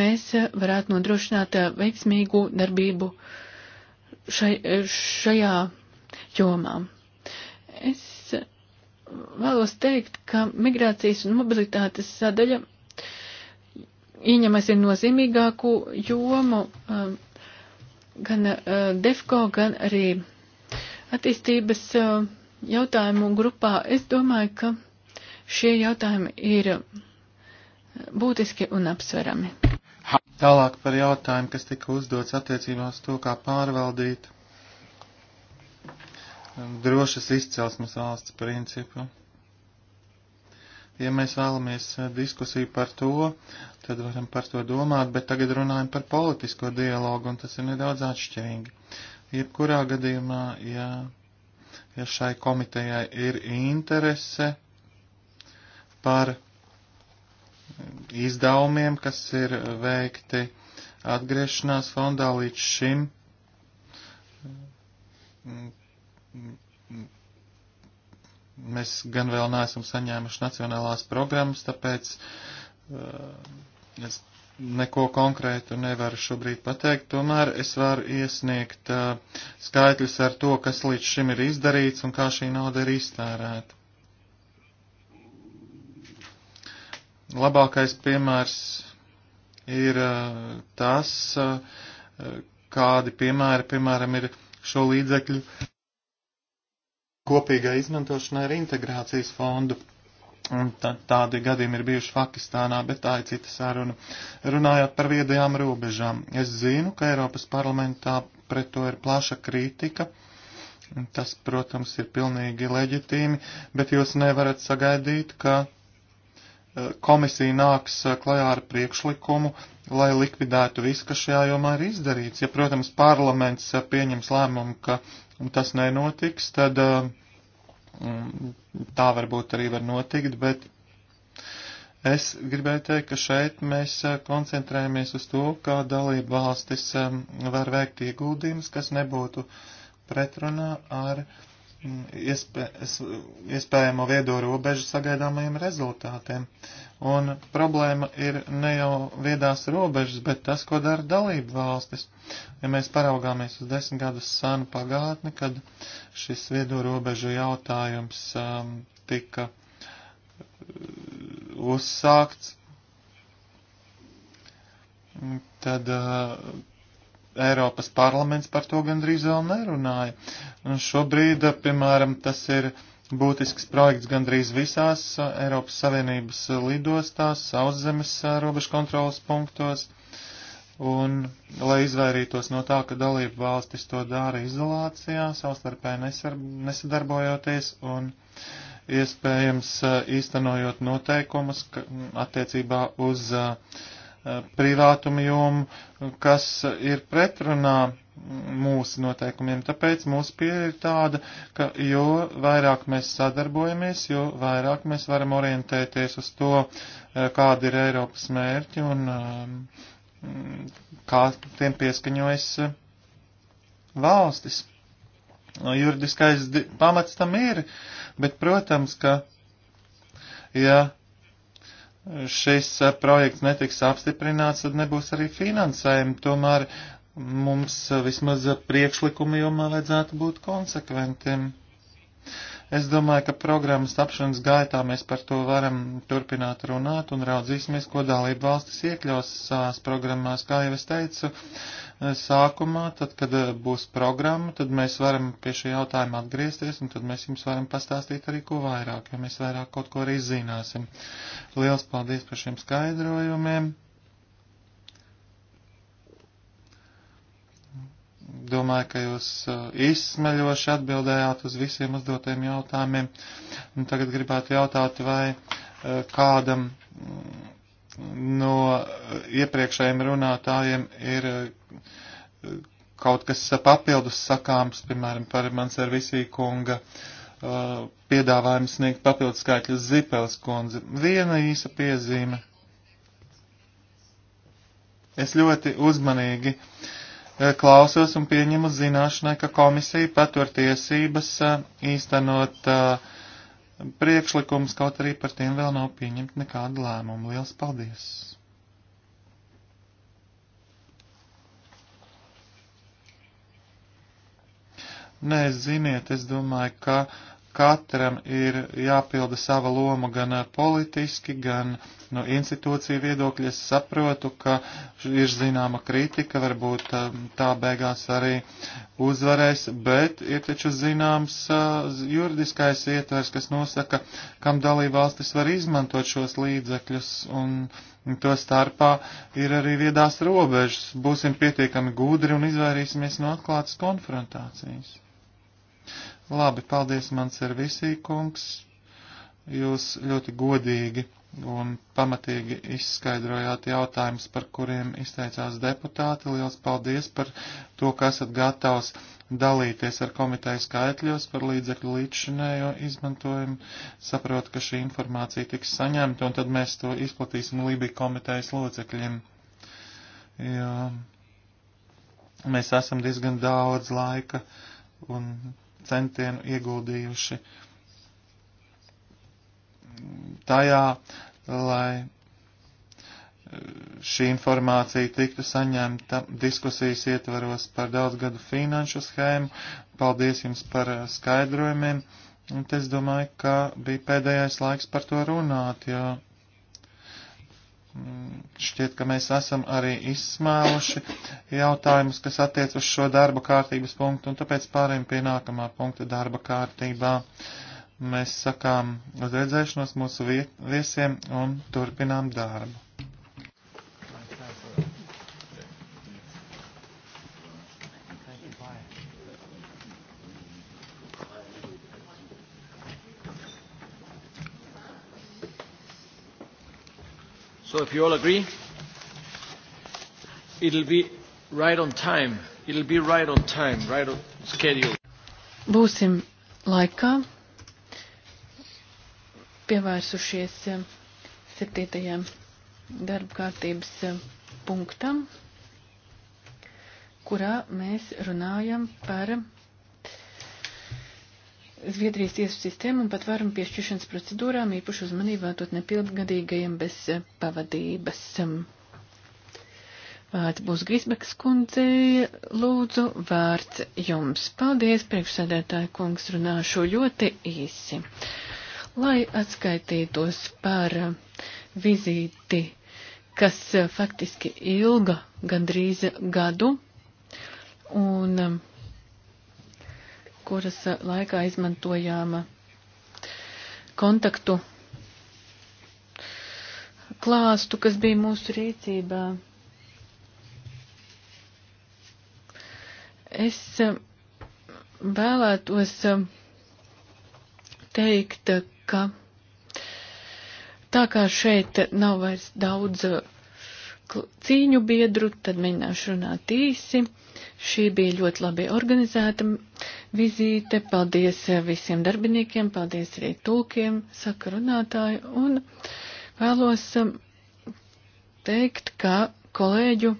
mēs varētu nodrošināt veiksmīgu darbību šai, šajā jomā. Es vēlos teikt, ka migrācijas un mobilitātes sadaļa ieņem aizvien nozīmīgāku jomu. Um, gan uh, DEFCO, gan arī attīstības uh, jautājumu grupā. Es domāju, ka šie jautājumi ir būtiski un apsverami. Tālāk par jautājumu, kas tika uzdots attiecībā uz to, kā pārvaldīt drošas izcelsmes valsts principu. Ja mēs vēlamies eh, diskusiju par to, tad varam par to domāt, bet tagad runājam par politisko dialogu, un tas ir nedaudz atšķirīgi. Jebkurā gadījumā, ja, ja šai komitejai ir interese par izdevumiem, kas ir veikti atgriešanās fondā līdz šim, Mēs gan vēl neesam saņēmuši nacionālās programmas, tāpēc uh, es neko konkrētu nevaru šobrīd pateikt. Tomēr es varu iesniegt uh, skaitļus ar to, kas līdz šim ir izdarīts un kā šī nauda ir iztērēta. Labākais piemērs ir uh, tas, kādi piemēri, piemēram, ir šo līdzekļu kopīgai izmantošanai ar integrācijas fondu. Tā, tādi gadījumi ir bijuši Pakistānā, bet tā ir cita saruna. Runājot par viedajām robežām, es zinu, ka Eiropas parlamentā pret to ir plaša kritika. Tas, protams, ir pilnīgi leģitīmi, bet jūs nevarat sagaidīt, ka Eh, komisija nāks eh, klajā ar priekšlikumu, lai likvidētu visu, kas šajā jomā ir izdarīts. Ja, protams, parlaments eh, pieņems lēmumu, ka tas nenotiks, tad mm, tā varbūt arī var notikt, bet es gribēju teikt, ka šeit mēs koncentrējamies uz to, kā dalība valstis var veikt ieguldījumus, kas nebūtu pretrunā ar uh, iespē, iespējamo viedo robežu sagaidāmajiem rezultātiem. Un problēma ir ne jau viedās robežas, bet tas, ko dara dalību valstis. Ja mēs paraugāmies uz desmit gadus senu pagātni, kad šis viedo robežu jautājums um, tika uh, uzsākts, tad uh, Eiropas parlaments par to gandrīz vēl nerunāja. Un šobrīd, piemēram, tas ir būtisks projekts gandrīz visās uh, Eiropas Savienības lidostās, sauszemes uh, robežu kontrolas punktos. Un, lai izvairītos no tā, ka dalību valstis to dara izolācijā, savstarpēji nesadarbojoties un iespējams uh, īstenojot noteikumus attiecībā uz uh, Eh, privātumu jomu, kas ir pretrunā mūsu noteikumiem. Tāpēc mūsu pieeja ir tāda, ka jo vairāk mēs sadarbojamies, jo vairāk mēs varam orientēties uz to, eh, kāda ir Eiropas mērķi un eh, kā tiem pieskaņojas valstis. Juridiskais pamats tam ir, bet, protams, ka, ja šis eh, projekts netiks apstiprināts, tad nebūs arī finansējumi. Tomēr mums eh, vismaz eh, priekšlikuma jomā vajadzētu būt konsekventiem. Es domāju, ka programmas tapšanas gaitā mēs par to varam turpināt runāt un raudzīsimies, ko dalību valstis iekļaus savās programmās. Kā jau es teicu, eh, sākumā, tad, kad eh, būs programma, tad mēs varam pie šī jautājuma atgriezties un tad mēs jums varam pastāstīt arī ko vairāk, jo mēs vairāk kaut ko arī zināsim. Liels paldies par šiem skaidrojumiem! Domāju, ka jūs uh, izsmeļoši atbildējāt uz visiem uzdotajiem jautājumiem. Un tagad gribētu jautāt, vai uh, kādam mm, no iepriekšējiem runātājiem ir uh, kaut kas papildus sakāms, piemēram, par Manservisī kunga piedāvājumu sniegt papildus skaitļus Zipels kundze. Viena īsa piezīme. Es ļoti uzmanīgi uh, Eh, klausos un pieņemu zināšanai, ka komisija patur tiesības eh, īstenot eh, priekšlikums, kaut arī par tiem vēl nav pieņemt nekādu lēmumu. Liels paldies! Nē, ziniet, es domāju, ka uh, katram ir jāpilda sava loma gan politiski, gan no nu, institūciju viedokļa. Es saprotu, ka ir zināma kritika, varbūt tā beigās arī uzvarēs, bet ir taču zināms juridiskais ietvers, kas nosaka, kam dalībvalstis var izmantot šos līdzekļus. Un, To starpā ir arī viedās robežas. Būsim pietiekami gudri un izvairīsimies no atklātas konfrontācijas. Labi, paldies, mans ir visī kungs. Jūs ļoti godīgi un pamatīgi izskaidrojāt jautājumus, par kuriem izteicās deputāti. Liels paldies par to, ka esat gatavs dalīties ar komiteju skaitļos par līdzekļu līdzšanējo izmantojumu. Saprotu, ka šī informācija tiks saņemta, un tad mēs to izplatīsim Libija komitejas locekļiem. Jo mēs esam diezgan daudz laika un centienu ieguldījuši tajā, lai eh, šī informācija tiktu saņemta diskusijas ietvaros par daudzgadu finanšu schēmu. Paldies jums par eh, skaidrojumiem. Un es domāju, ka bija pēdējais laiks par to runāt, jo šķiet, ka mēs esam arī izsmēluši jautājumus, kas attiec uz šo darba kārtības punktu, un tāpēc pārējiem pie nākamā punkta darba kārtībā. Mēs sakām uz redzēšanos mūsu viesiem un turpinām darbu. if you all agree. It'll be right on time. It'll be right on time, right on schedule. Būsim laikā pievērsušies eh, septītajam darba kārtības eh, punktam, kurā mēs runājam par Zviedrijas tiesu sistēmu un patvērumu piešķiršanas procedūrām īpašu uzmanību vēltot nepilngadīgajiem bez eh, pavadības. Vārds būs Grisbekas kundzei, lūdzu, vārds jums. Paldies, priekšsēdētāja kungs, runāšu ļoti īsi. Lai atskaitītos par vizīti, kas eh, faktiski ilga gandrīz gadu, un kuras eh, laikā izmantojām eh, kontaktu klāstu, kas bija mūsu rīcībā. Es eh, vēlētos teikt, ka tā kā šeit nav vairs daudz cīņu biedru, tad mēģināšu runāt īsi. Šī bija ļoti labi organizēta vizīte. Paldies eh, visiem darbiniekiem, paldies arī tulkiem, saka runātāji. Un vēlos eh, teikt, ka kolēģu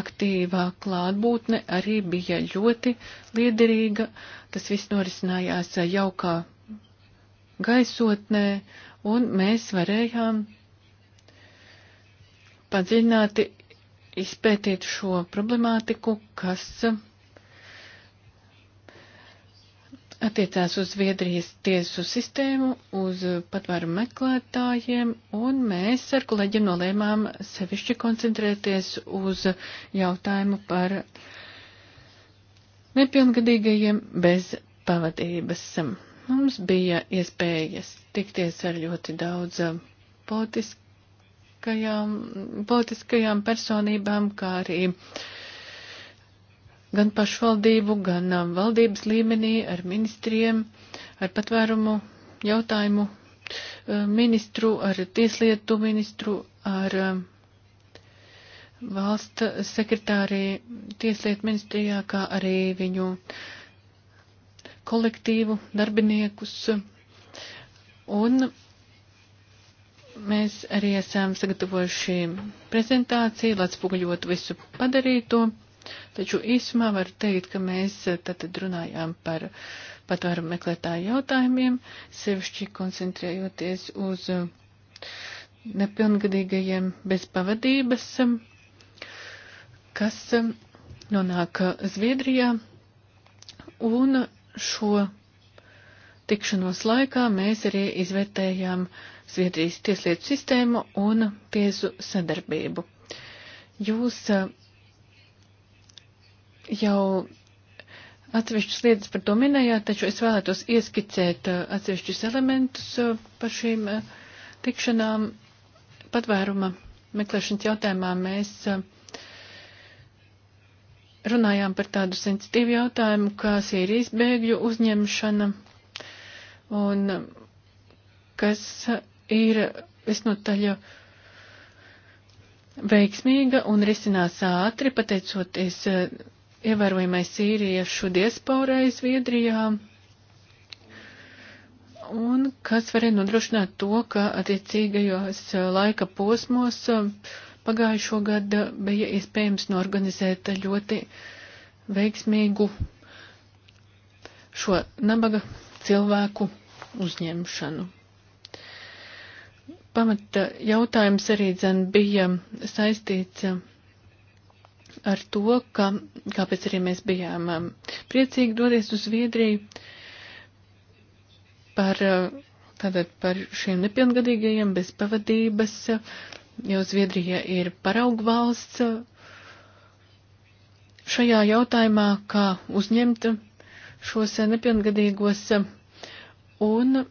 aktīvā klātbūtne arī bija ļoti liederīga. Tas viss norisinājās eh, jaukā gaisotnē, un mēs varējām padziļināti izpētīt šo problemātiku, kas attiecās uz Viedrijas tiesu sistēmu, uz patvaru meklētājiem, un mēs ar kolēģiem nolēmām sevišķi koncentrēties uz jautājumu par nepilngadīgajiem bez pavadības. Mums bija iespējas tikties ar ļoti daudz politiskajām, politiskajām personībām, kā arī uh, gan pašvaldību, gan um, valdības līmenī ar ministriem, ar patvērumu jautājumu uh, ministru, ar tieslietu ministru, ar um, valsts sekretāri tieslietu ministrijā, kā arī viņu kolektīvu darbiniekus. Un mēs arī esam sagatavojuši prezentāciju, lai atspoguļotu visu padarīto Taču īsumā var teikt, ka mēs tātad eh, runājām par patvēru meklētāju jautājumiem, sevišķi koncentrējoties uz eh, nepilngadīgajiem bez pavadības, eh, kas nonāk Zviedrijā, un šo tikšanos laikā mēs arī izvērtējām Zviedrijas tieslietu sistēmu un tiesu sadarbību. Jūs jau atsevišķas lietas par to minējāt, taču es vēlētos ieskicēt uh, atsevišķus elementus uh, par šīm uh, tikšanām patvēruma meklēšanas jautājumā. Mēs runājām par tādu sensitīvu jautājumu, kā Sīrijas bēgļu uzņemšana un kas ir visnotaļ veiksmīga un risinās ātri, pateicoties ievērojamai sīriešu diasporai Zviedrijā, un kas varēja nodrošināt to, ka attiecīgajos eh, laika posmos eh, pagājušo gadu bija iespējams norganizēt ļoti veiksmīgu šo nabaga cilvēku uzņemšanu. Pamata jautājums arī dzen bija saistīts eh, ar to, ka, kāpēc arī mēs bijām um, priecīgi doties uz Viedriju par, uh, tātad par šiem nepilngadīgajiem bez pavadības, jo Zviedrija ir paraugvalsts šajā jautājumā, kā uzņemt šos nepilngadīgos, un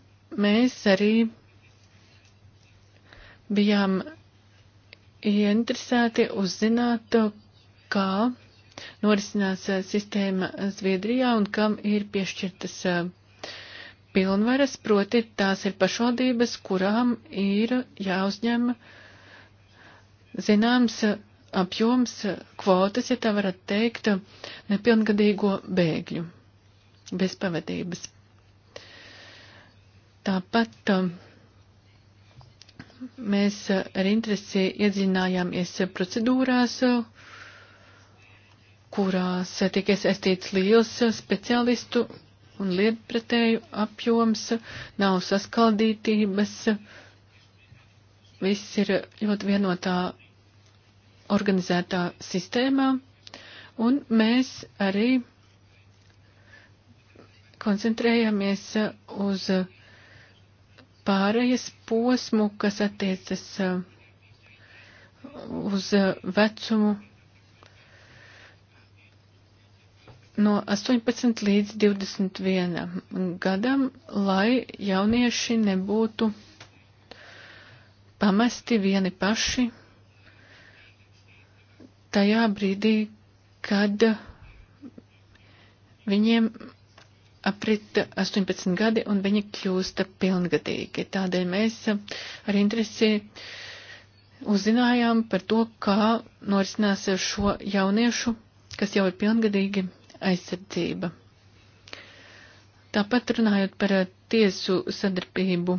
mēs arī bijām ieinteresēti uzzināt, kā norisinās sistēma Zviedrijā un kam ir piešķirtas pilnvaras, proti tās ir pašvaldības, kurām ir jāuzņem zināms apjoms kvotas, ja tā varat teikt, nepilngadīgo bēgļu bez pavadības. Tāpat mēs ar interesi iedzinājāmies procedūrās, kurās eh, tiek iesaistīts liels eh, speciālistu un lietpratēju apjoms, nav saskaldītības, viss ir ļoti vienotā organizētā sistēmā, un mēs arī koncentrējamies eh, uz pārējas posmu, kas attiecas uz vecumu no 18 līdz 21 gadam, lai jaunieši nebūtu pamesti vieni paši tajā brīdī, kad viņiem aprit 18 gadi un viņi kļūsta pilngadīgi. Tādēļ mēs ar interesi uzzinājām par to, kā norisinās šo jauniešu, kas jau ir pilngadīgi aizsardzība. Tāpat runājot par eh, tiesu sadarbību,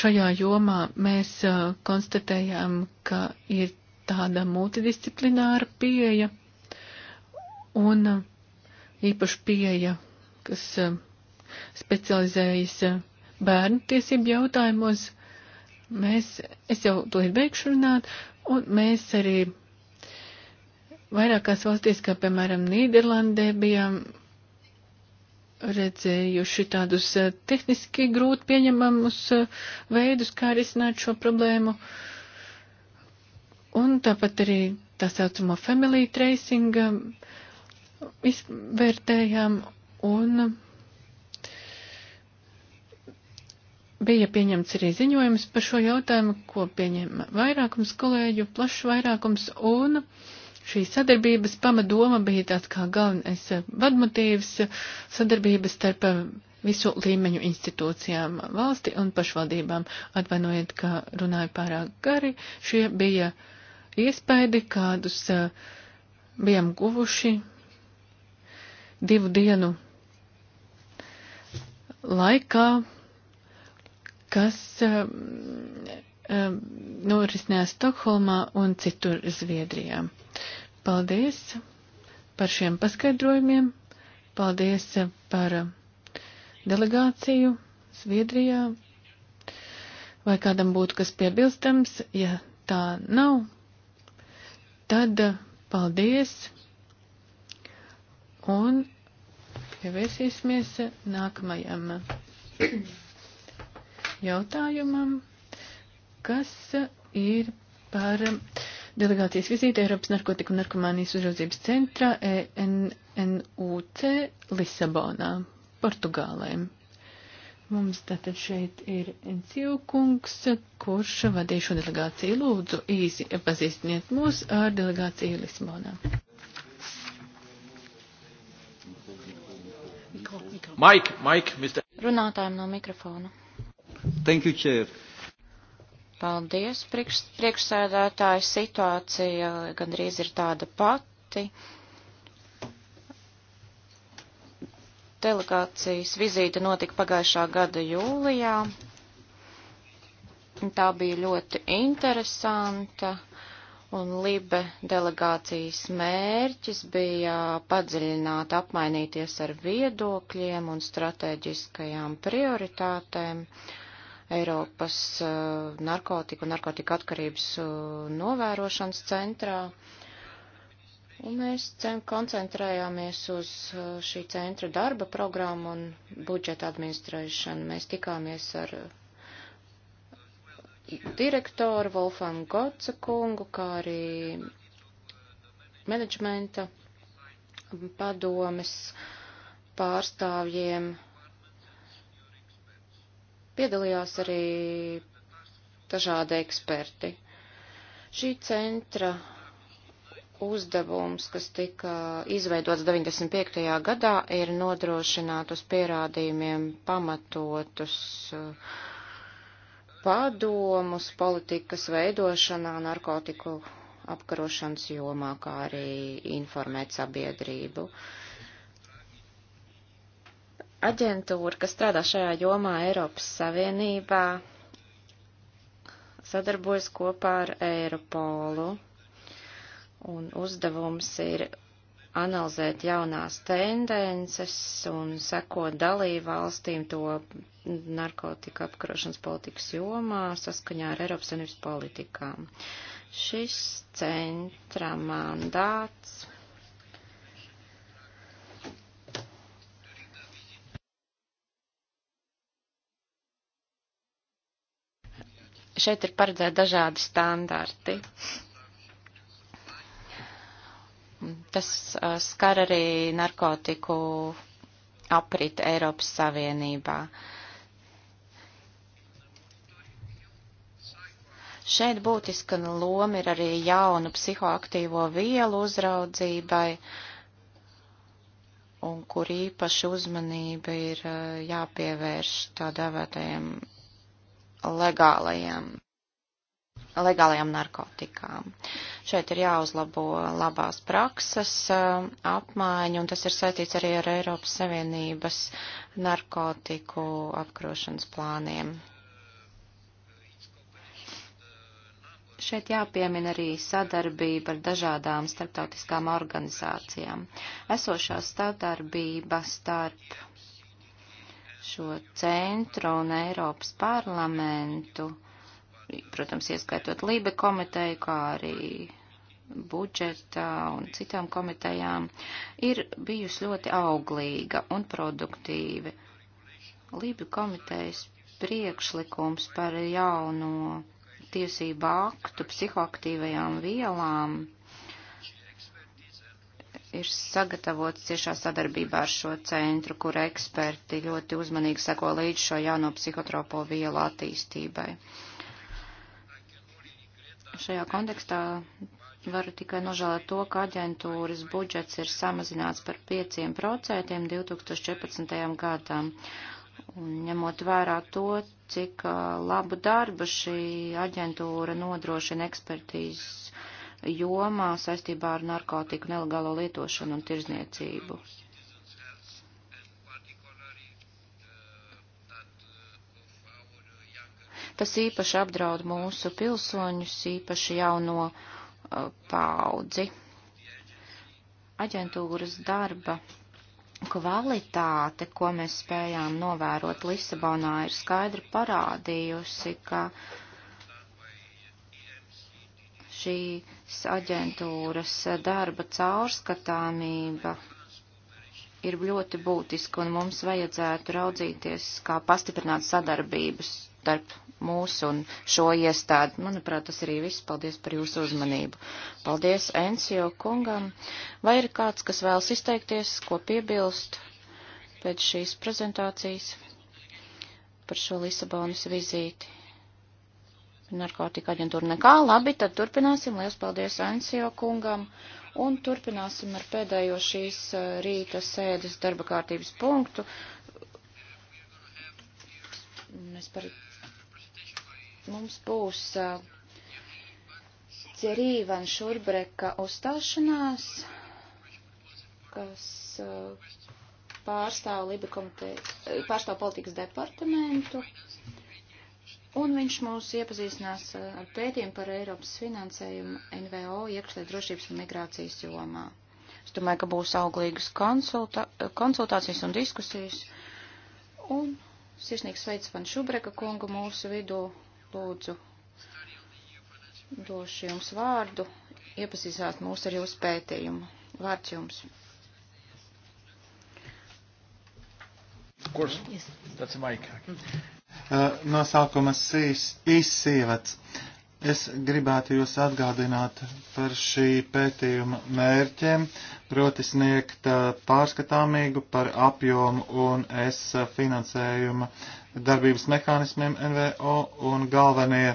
šajā jomā mēs eh, konstatējām, ka ir tāda multidisciplināra pieeja un eh, īpaši pieeja, kas specializējas bērnu tiesību jautājumos. Mēs, es jau to ir beigšu runāt, un mēs arī Vairākās valstīs, kā piemēram Nīderlandē, bijām redzējuši tādus eh, tehniski grūti pieņemamus eh, veidus, kā risināt šo problēmu. Un tāpat arī tā saucamo family tracing eh, izvērtējām un bija pieņemts arī ziņojums par šo jautājumu, ko pieņēma vairākums kolēģu, plašs vairākums un uh, Šī sadarbības pamatoma bija tāds kā galvenais eh, vadmotīvs sadarbības starp eh, visu līmeņu institūcijām, valsti un pašvaldībām. Atvainojiet, ka runāju pārāk gari. Šie bija iespaidi, kādus eh, bijām guvuši divu dienu laikā, kas um, norisinās Stokholmā un citur Zviedrijā. Paldies par šiem paskaidrojumiem, paldies par um, delegāciju Zviedrijā. Vai kādam būtu kas piebilstams, ja tā nav, tad uh, paldies un pievērsīsimies nākamajam jautājumam kas ir par delegācijas vizīti Eiropas narkotiku un narkomānijas uzraudzības centrā ENUC Lisabonā, Portugālē. Mums tātad šeit ir Enciju kungs, kurš vadīja šo delegāciju. Lūdzu, īsi pazīstiniet mūs ar delegāciju Lisabonā. Mike, Mike, Mr. Runātājiem no mikrofona. Thank you, Chair. Paldies, priekš, priekšsēdētāja situācija gandrīz ir tāda pati. Delegācijas vizīte notika pagājušā gada jūlijā. Tā bija ļoti interesanta, un Libe delegācijas mērķis bija padziļināt, apmainīties ar viedokļiem un strateģiskajām prioritātēm. Uh, Eiropas uh, narkotiku un narkotika atkarības uh, novērošanas centrā. Un mēs cen, koncentrējāmies uz uh, šī centra darba programmu un budžeta administrēšanu. Mēs tikāmies ar uh, direktoru Wolfgang Gotza kungu, kā arī menedžmenta padomes pārstāvjiem Piedalījās arī dažādi eksperti. Šī centra uzdevums, kas tika izveidots 95. gadā, ir nodrošināt uz pierādījumiem pamatotus uh, padomus politikas veidošanā narkotiku apkarošanas jomā, kā arī informēt sabiedrību. Uh, aģentūra, kas strādā šajā jomā Eiropas Savienībā, sadarbojas kopā ar Eiropolu, un uzdevums ir analizēt jaunās tendences un sekot dalību valstīm to narkotika apkarošanas politikas jomā saskaņā ar Eiropas Savienības politikām. Šis centra mandāts šeit ir paredzēti dažādi standarti. Tas uh, skar arī narkotiku aprit Eiropas Savienībā. Šeit būtiska loma ir arī jaunu psihoaktīvo vielu uzraudzībai, un kur īpaši uzmanība ir jāpievērš tā dēvētajiem legālajiem, legālajām narkotikām. Šeit ir jāuzlabo labās prakses eh, apmaiņa, un tas ir saistīts arī ar Eiropas Savienības narkotiku apkrošanas plāniem. Šeit jāpiemina arī sadarbība ar dažādām starptautiskām organizācijām. Esošā sadarbība starp šo centru un Eiropas parlamentu, protams, ieskaitot Lībe komiteju, kā arī budžeta un citām komitejām, ir bijusi ļoti auglīga un produktīva. Lībe komitejas priekšlikums par jauno tiesību aktu psihoaktīvajām vielām ir sagatavots ciešā sadarbībā ar šo centru, kur eksperti ļoti uzmanīgi seko līdz šo jauno psihotropo vielu attīstībai. Šajā kontekstā varu tikai nožēlēt to, ka aģentūras budžets ir samazināts par 5% 2014. gadam. Un ņemot vērā to, cik uh, labu darbu šī aģentūra nodrošina ekspertīzes jomā saistībā ar narkotiku nelegālo lietošanu un tirzniecību. Tas īpaši apdraud mūsu pilsoņus, īpaši jauno uh, paudzi. Aģentūras darba kvalitāte, ko mēs spējām novērot Lisabonā, ir skaidri parādījusi, ka uh, šīs aģentūras darba caurskatāmība ir ļoti būtiska, un mums vajadzētu raudzīties, kā pastiprināt sadarbības starp mūsu un šo iestādi. Manuprāt, tas arī viss. Paldies par jūsu uzmanību. Paldies Encijo kungam. Vai ir kāds, kas vēlas izteikties, ko piebilst pēc šīs prezentācijas par šo Lisabonas vizīti? narkotika aģentūra nekā. Labi, tad turpināsim. Lielas paldies Ansijo kungam. Un turpināsim ar pēdējo šīs rīta sēdes darba kārtības punktu. Mēs par... Mums būs uh, Cerīvan Šurbreka uzstāšanās, kas uh, pārstāv, komite... pārstāv politikas departamentu un viņš mūs iepazīstinās eh, ar pētījumu par Eiropas finansējumu NVO iekšļiet drošības un migrācijas jomā. Es domāju, ka būs auglīgas konsulta, konsultācijas un diskusijas. Un sirsnīgs sveic van Šubreka kungu mūsu vidū. Lūdzu, došu jums vārdu, iepazīstināt mūs ar jūsu pētījumu. Vārds jums. Of course, yes. that's a mic. Mm. Eh, Nosaukums izsīvats. Es gribētu jūs atgādināt par šī pētījuma mērķiem, proti sniegt eh, pārskatāmīgu par apjomu un es eh, finansējuma darbības mehānismiem NVO un galvenie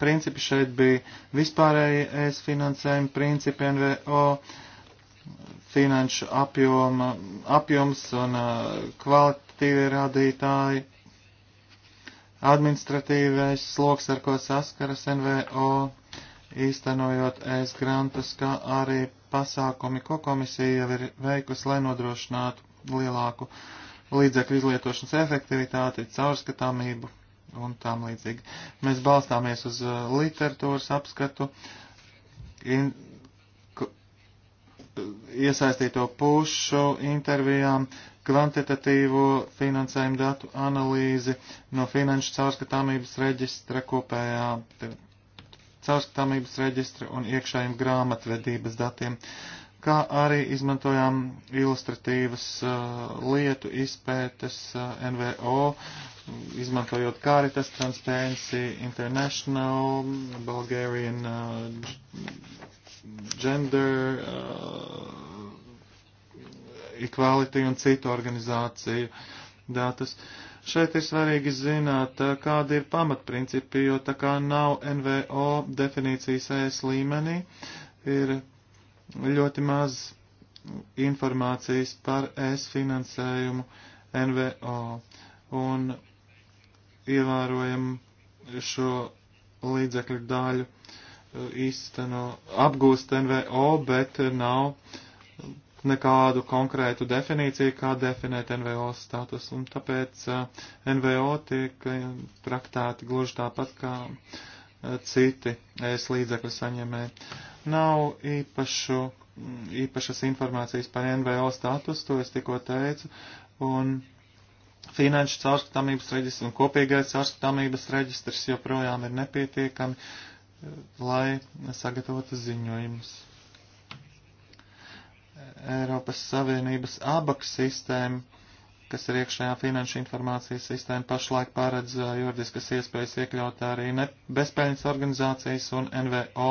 principi šeit bija vispārēji es finansējuma principi NVO, finanšu apjoma, apjoms un kvalitatīvi rādītāji administratīvais sloks, ar ko saskaras NVO, īstenojot ES grantus, kā arī pasākumi, ko komisija jau ir veikusi, lai nodrošinātu lielāku līdzekļu izlietošanas efektivitāti, caurskatāmību un tam līdzīgi. Mēs balstāmies uz uh, literatūras apskatu, in, iesaistīto pušu intervijām, kvantitatīvo finansējumu datu analīzi no finanšu caurskatāmības reģistra kopējā caurskatāmības reģistra un iekšējiem grāmatvedības datiem, kā arī izmantojām ilustratīvas uh, lietu izpētes uh, NVO, izmantojot Caritas, Transparency International, Bulgarian uh, Gender uh, Equality un citu organizāciju datus. Šeit ir svarīgi zināt, eh, kādi ir pamatprincipi, jo tā kā nav NVO definīcijas ES līmenī, ir ļoti maz informācijas par ES finansējumu NVO un ievērojam šo līdzekļu daļu eh, īsteno apgūst NVO, bet nav nekādu konkrētu definīciju, kā definēt NVO status, un tāpēc eh, NVO tiek eh, traktēti gluži tāpat kā eh, citi es līdzekļu saņemē. Nav īpašu, mm, īpašas informācijas par NVO status, to es tikko teicu, un finanšu caurskatāmības reģistrs un kopīgais caurskatāmības reģistrs joprojām ir nepietiekami, lai sagatavotu ziņojumus. Eiropas Savienības abak sistēma, kas ir iekšējā finanšu informācijas sistēma, pašlaik paredz uh, juridiskas iespējas iekļaut arī bezpēļņas organizācijas un NVO.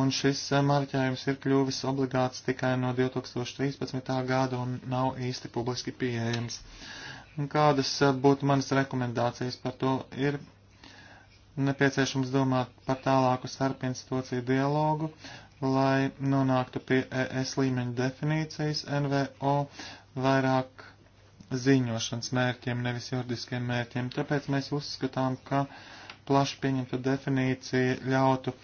Un šis uh, marķējums ir kļuvis obligāts tikai no 2013. gada un nav īsti publiski pieejams. Un kādas uh, būtu manas rekomendācijas par to? Ir nepieciešams domāt par tālāku starpinstitūciju dialogu, lai nonāktu pie ES līmeņa definīcijas NVO vairāk ziņošanas mērķiem, nevis juridiskiem mērķiem. Tāpēc mēs uzskatām, ka plaši pieņemta definīcija ļautu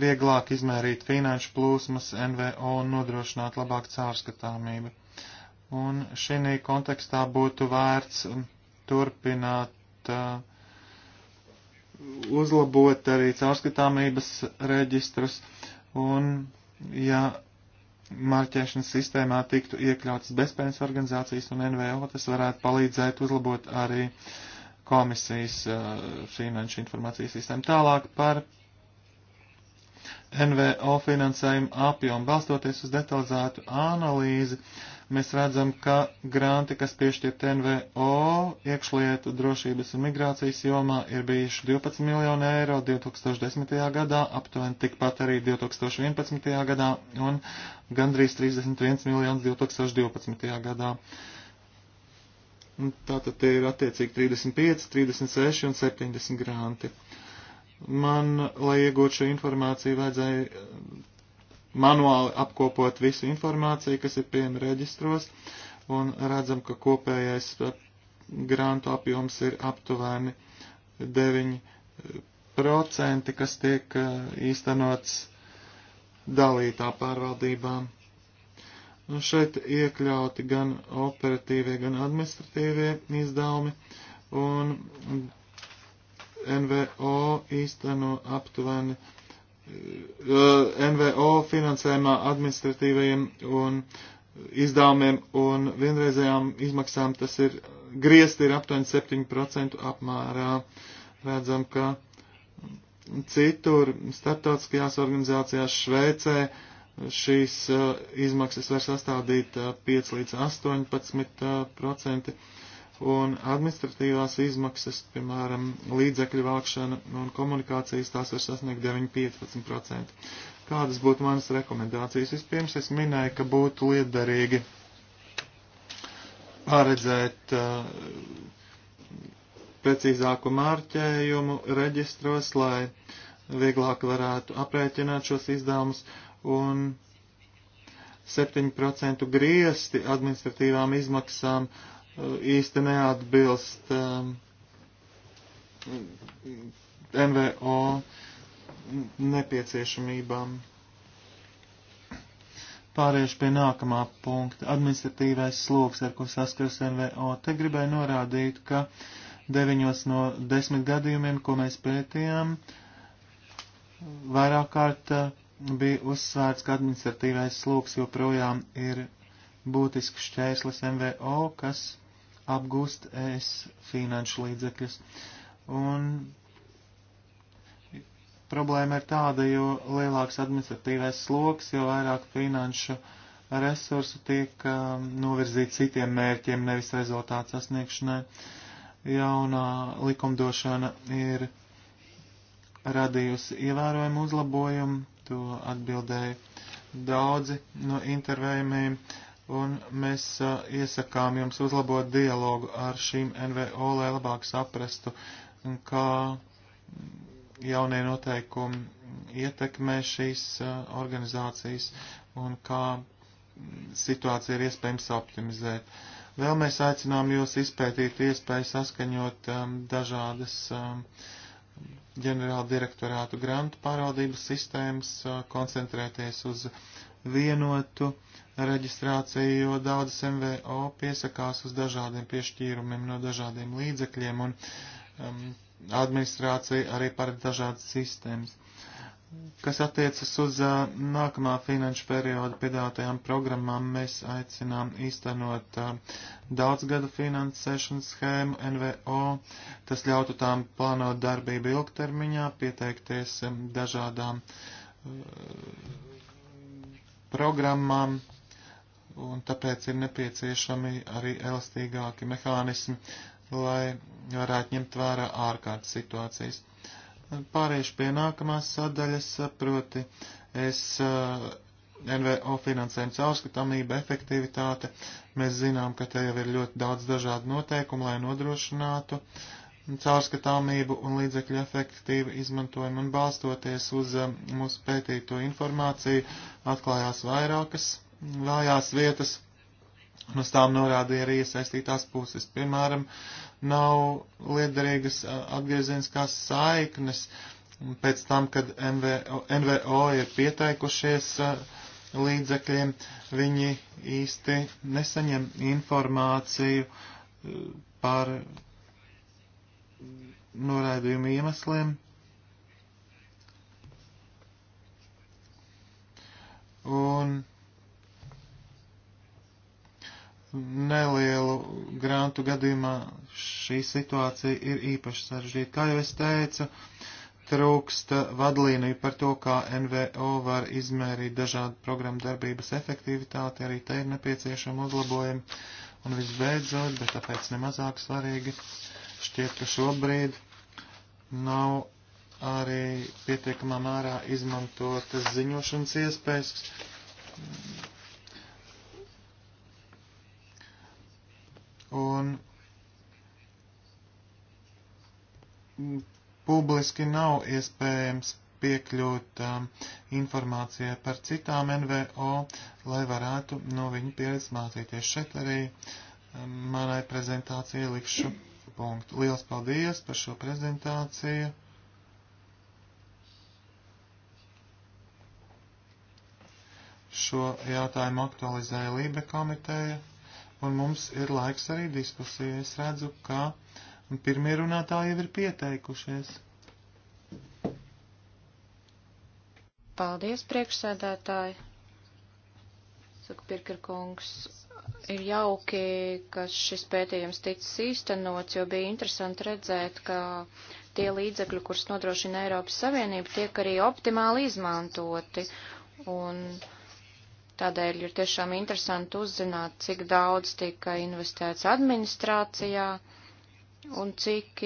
vieglāk izmērīt finanšu plūsmas NVO un nodrošināt labāk cārskatāmību. Un šī kontekstā būtu vērts turpināt uh, uzlabot arī caurskatāmības reģistrus Un, ja marķēšanas sistēmā tiktu iekļautas bezpējas organizācijas un NVO, tas varētu palīdzēt uzlabot arī komisijas uh, finanšu informācijas sistēmu. Tālāk par NVO finansējumu apjomu balstoties uz detalizētu analīzi. Uh, mēs redzam, ka granti, kas piešķirt NVO iekšlietu drošības un migrācijas jomā, ir bijuši 12 miljoni eiro 2010. gadā, aptuveni tikpat arī 2011. gadā un gandrīz 31 miljonus 2012. gadā. Tātad tie ir attiecīgi 35, 36 un 70 granti. Man, lai iegūtu šo informāciju, vajadzēja manuāli apkopot visu informāciju, kas ir pieejama reģistros, un redzam, ka kopējais uh, grantu apjoms ir aptuveni 9%, kas tiek uh, īstenots dalītā pārvaldībā. Un nu, šeit iekļauti gan operatīvie, gan administratīvie izdevumi, un NVO īsteno aptuveni 10%. NVO finansējumā administratīvajiem un izdevumiem un vienreizējām izmaksām tas ir griezti ir aptuveni 7% apmērā. Redzam, ka citur starptautiskajās organizācijās Šveicē šīs uh, izmaksas var sastādīt 5 uh, līdz 18% un administratīvās izmaksas, piemēram, līdzekļu vākšana un komunikācijas, tās var sasniegt 9-15%. Kādas būtu manas rekomendācijas? Vispirms es minēju, ka būtu liederīgi paredzēt uh, precīzāku mārķējumu reģistros, lai vieglāk varētu aprēķināt šos izdevumus un 7% griesti administratīvām izmaksām uh, īsti neatbilst um, NVO nepieciešamībām. Pāriešu pie nākamā punkta - administratīvais sloks, ar ko saskars NVO. Te gribēju norādīt, ka deviņos no desmit gadījumiem, ko mēs pētījām, vairāk kārt uh, bija uzsvērts, ka administratīvais sloks joprojām ir būtisks šķērslis NVO, kas apgūst ES finanšu līdzekļus. Un problēma ir tāda, jo lielāks administratīvais sloks, jo vairāk finanšu resursu tiek um, novirzīt citiem mērķiem, nevis rezultātu sasniegšanai. Jaunā likumdošana ir radījusi ievērojumu uzlabojumu, to atbildēja daudzi no intervējumiem. Uh, un mēs uh, iesakām jums uzlabot dialogu ar šīm NVO, lai labāk saprastu, kā jaunie noteikumi ietekmē šīs uh, organizācijas un kā situācija ir iespējams optimizēt. Vēl mēs aicinām jūs izpētīt iespēju saskaņot um, dažādas um, ģenerāla direktorātu grantu pārvaldības sistēmas, uh, koncentrēties uz vienotu uh, reģistrāciju, jo daudzas MVO piesakās uz dažādiem piešķīrumiem no dažādiem līdzekļiem un um, administrācija arī paredz dažādas sistēmas. Kas attiecas uz uh, nākamā finanšu perioda piedātajām programmām, mēs aicinām īstenot uh, daudzgada finansēšanas schēmu NVO. Tas ļautu tām plānot darbību ilgtermiņā, pieteikties um, dažādām uh, programmām un tāpēc ir nepieciešami arī elastīgāki mehānismi, lai varētu ņemt vērā ārkārtas situācijas. Pāriešu pie nākamās sadaļas, proti es eh, NVO finansējums caurskatāmība, efektivitāte. Mēs zinām, ka te jau ir ļoti daudz dažādu noteikumu, lai nodrošinātu caurskatāmību un līdzekļu efektīvu izmantojumu. Un balstoties uz eh, mūsu pētīto informāciju, atklājās vairākas vājās vietas, un uz tām norādīja arī iesaistītās puses. Piemēram, nav liederīgas atgriezieniskās saiknes pēc tam, kad MVO, NVO ir pieteikušies līdzekļiem, viņi īsti nesaņem informāciju par noraidījumu iemesliem. Un nelielu grantu gadījumā šī situācija ir īpaši sarežģīta. Kā jau es teicu, trūkst vadlīniju par to, kā NVO var izmērīt dažādu programmu darbības efektivitāti, arī te ir nepieciešama uzlabojuma. Un visbeidzot, bet tāpēc nemazāk svarīgi, šķiet, ka šobrīd nav arī pietiekamā mērā izmantotas ziņošanas iespējas, un publiski nav iespējams piekļūt um, informācijai par citām NVO, lai varētu no viņu pieredzes mācīties. Šeit arī um, manai prezentācijai likšu punktu. Liels paldies par šo prezentāciju. Šo jautājumu aktualizēja Lībe komiteja un mums ir laiks arī diskusijai. Es redzu, ka pirmie runātāji jau ir pieteikušies. Paldies, priekšsēdētāji. Saka Pirkarkungs, ir jauki, ka šis pētījums ticis īstenots, jo bija interesanti redzēt, ka tie līdzekļi, kurus nodrošina Eiropas Savienība, tiek arī optimāli izmantoti. Un uh, Tādēļ ir tiešām interesanti uzzināt, cik daudz tika investēts administrācijā un cik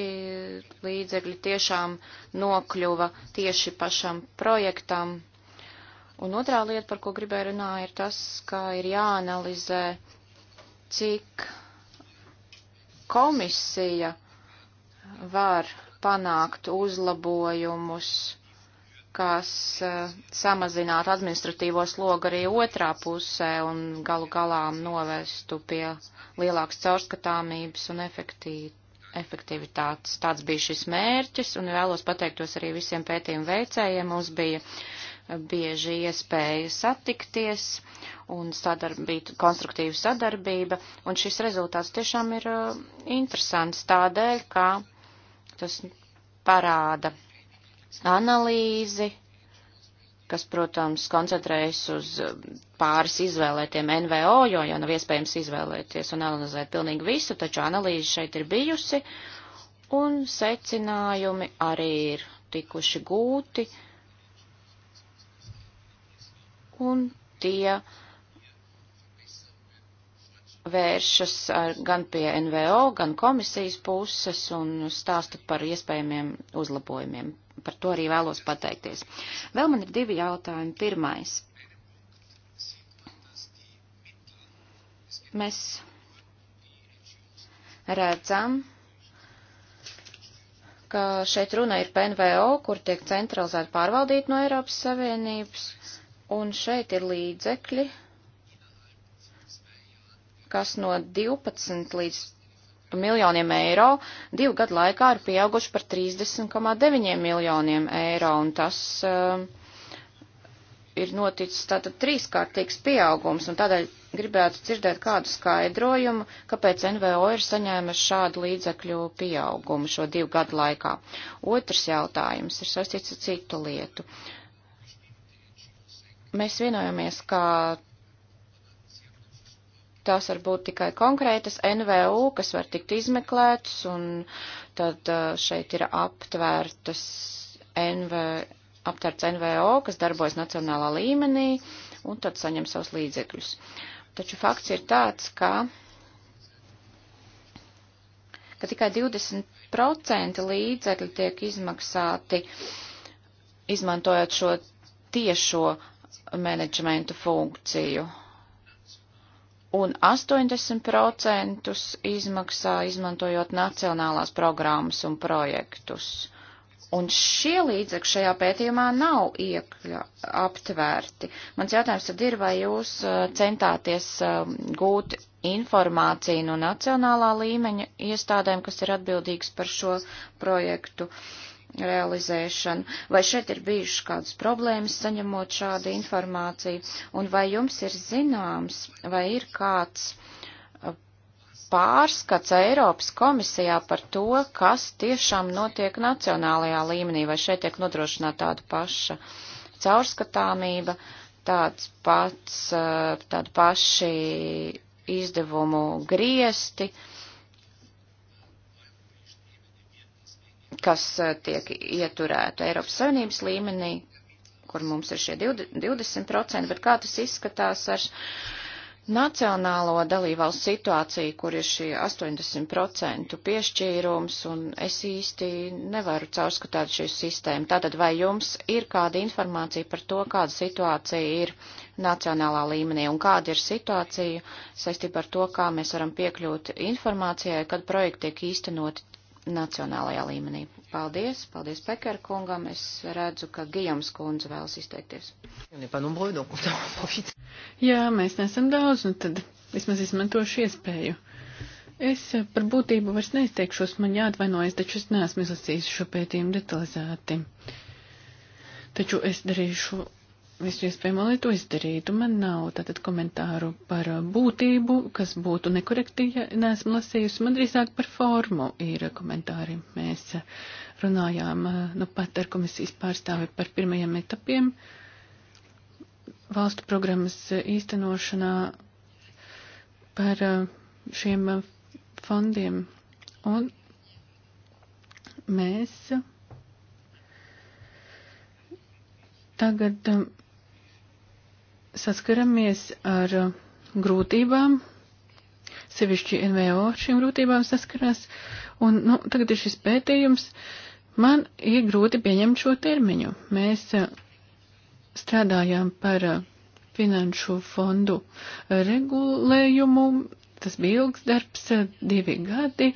līdzekļi tiešām nokļuva tieši pašam projektam. Un otrā lieta, par ko gribēju runāt, ir tas, ka ir jāanalizē, cik komisija var panākt uzlabojumus kas eh, samazinātu administratīvo slogu arī otrā pusē un galu galā novestu pie lielākas caurskatāmības un efektīvi efektivitātes. Tāds bija šis mērķis, un vēlos pateiktos arī visiem pētījumu veicējiem. Mums bija eh, bieži iespēja satikties un sadarbīt, konstruktīva sadarbība, un šis rezultāts tiešām ir uh, interesants tādēļ, ka tas parāda analīzi, kas, protams, koncentrējas uz eh, pāris izvēlētiem NVO, jo jau nav iespējams izvēlēties un analizēt pilnīgi visu, taču analīze šeit ir bijusi, un secinājumi arī ir tikuši gūti, un tie vēršas ar, eh, gan pie NVO, gan komisijas puses un stāsta par iespējamiem uzlabojumiem par to arī vēlos pateikties. Vēl man ir divi jautājumi. Pirmais. Mēs redzam, ka šeit runa ir par NVO, kur tiek centralizēti pārvaldīt no Eiropas Savienības, un šeit ir līdzekļi, kas no 12 līdz miljoniem eiro, divu gadu laikā ir pieauguši par 30,9 miljoniem eiro, un tas uh, ir noticis tātad trīskārtīgs pieaugums, un tādēļ gribētu dzirdēt kādu skaidrojumu, kāpēc NVO ir saņēmuši šādu līdzekļu pieaugumu šo divu gadu laikā. Otrs jautājums ir saistīts ar citu lietu. Mēs vienojamies, ka tās var būt tikai konkrētas NVU, kas var tikt izmeklētas, un tad uh, šeit ir aptvērtas NV, aptvērts NVO, kas darbojas nacionālā līmenī, un tad saņem savus līdzekļus. Taču fakts ir tāds, ka, ka tikai 20% līdzekļi tiek izmaksāti, izmantojot šo tiešo menedžmentu funkciju un 80% izmaksā izmantojot nacionālās programmas un projektus. Un šie līdzekļi šajā pētījumā nav iekļa, aptvērti. Mans jautājums tad ir, vai jūs uh, centāties uh, gūt informāciju no nacionālā līmeņa iestādēm, kas ir atbildīgas par šo projektu? Uh, realizēšanu, vai šeit ir bijušas kādas problēmas saņemot šādu informāciju, un vai jums ir zināms, vai ir kāds uh, pārskats Eiropas komisijā par to, kas tiešām notiek nacionālajā līmenī, vai šeit tiek nodrošināta tāda paša caurskatāmība, tāds pats, uh, tāda paši izdevumu griesti, uh, kas eh, tiek ieturēta Eiropas Savienības līmenī, kur mums ir šie 20%, bet kā tas izskatās ar nacionālo dalībvalstu situāciju, kur ir šie 80% piešķīrums, un es īsti nevaru caurskatāt šī sistēma. Tātad vai jums ir kāda informācija par to, kāda situācija ir nacionālā līmenī, un kāda ir situācija saistībā ar to, kā mēs varam piekļūt informācijai, kad projekti tiek īstenoti nacionālajā līmenī. Paldies, paldies Pekar kungam. Es redzu, ka Gijams kundze vēlas izteikties. Jā, mēs nesam daudz, un nu tad vismaz izmantošu iespēju. Es par būtību vairs neizteikšos, man jāatvainojas, taču es neesmu izlasījis šo pētījumu detalizēti. Taču es darīšu visu iespējamo, lai to izdarītu. Man nav tātad komentāru par būtību, kas būtu nekorekti, ja neesmu lasījusi. Man drīzāk par formu ir komentāri. Mēs runājām nu pat ar komisijas pārstāvi par pirmajiem etapiem valstu programmas īstenošanā par šiem fondiem. Un mēs tagad saskaramies ar uh, grūtībām, sevišķi NVO šīm grūtībām saskarās, un nu, tagad ir šis pētījums, man ir grūti pieņemt šo termiņu. Mēs uh, strādājām par uh, finanšu fondu regulējumu, tas bija ilgs darbs, divi gadi,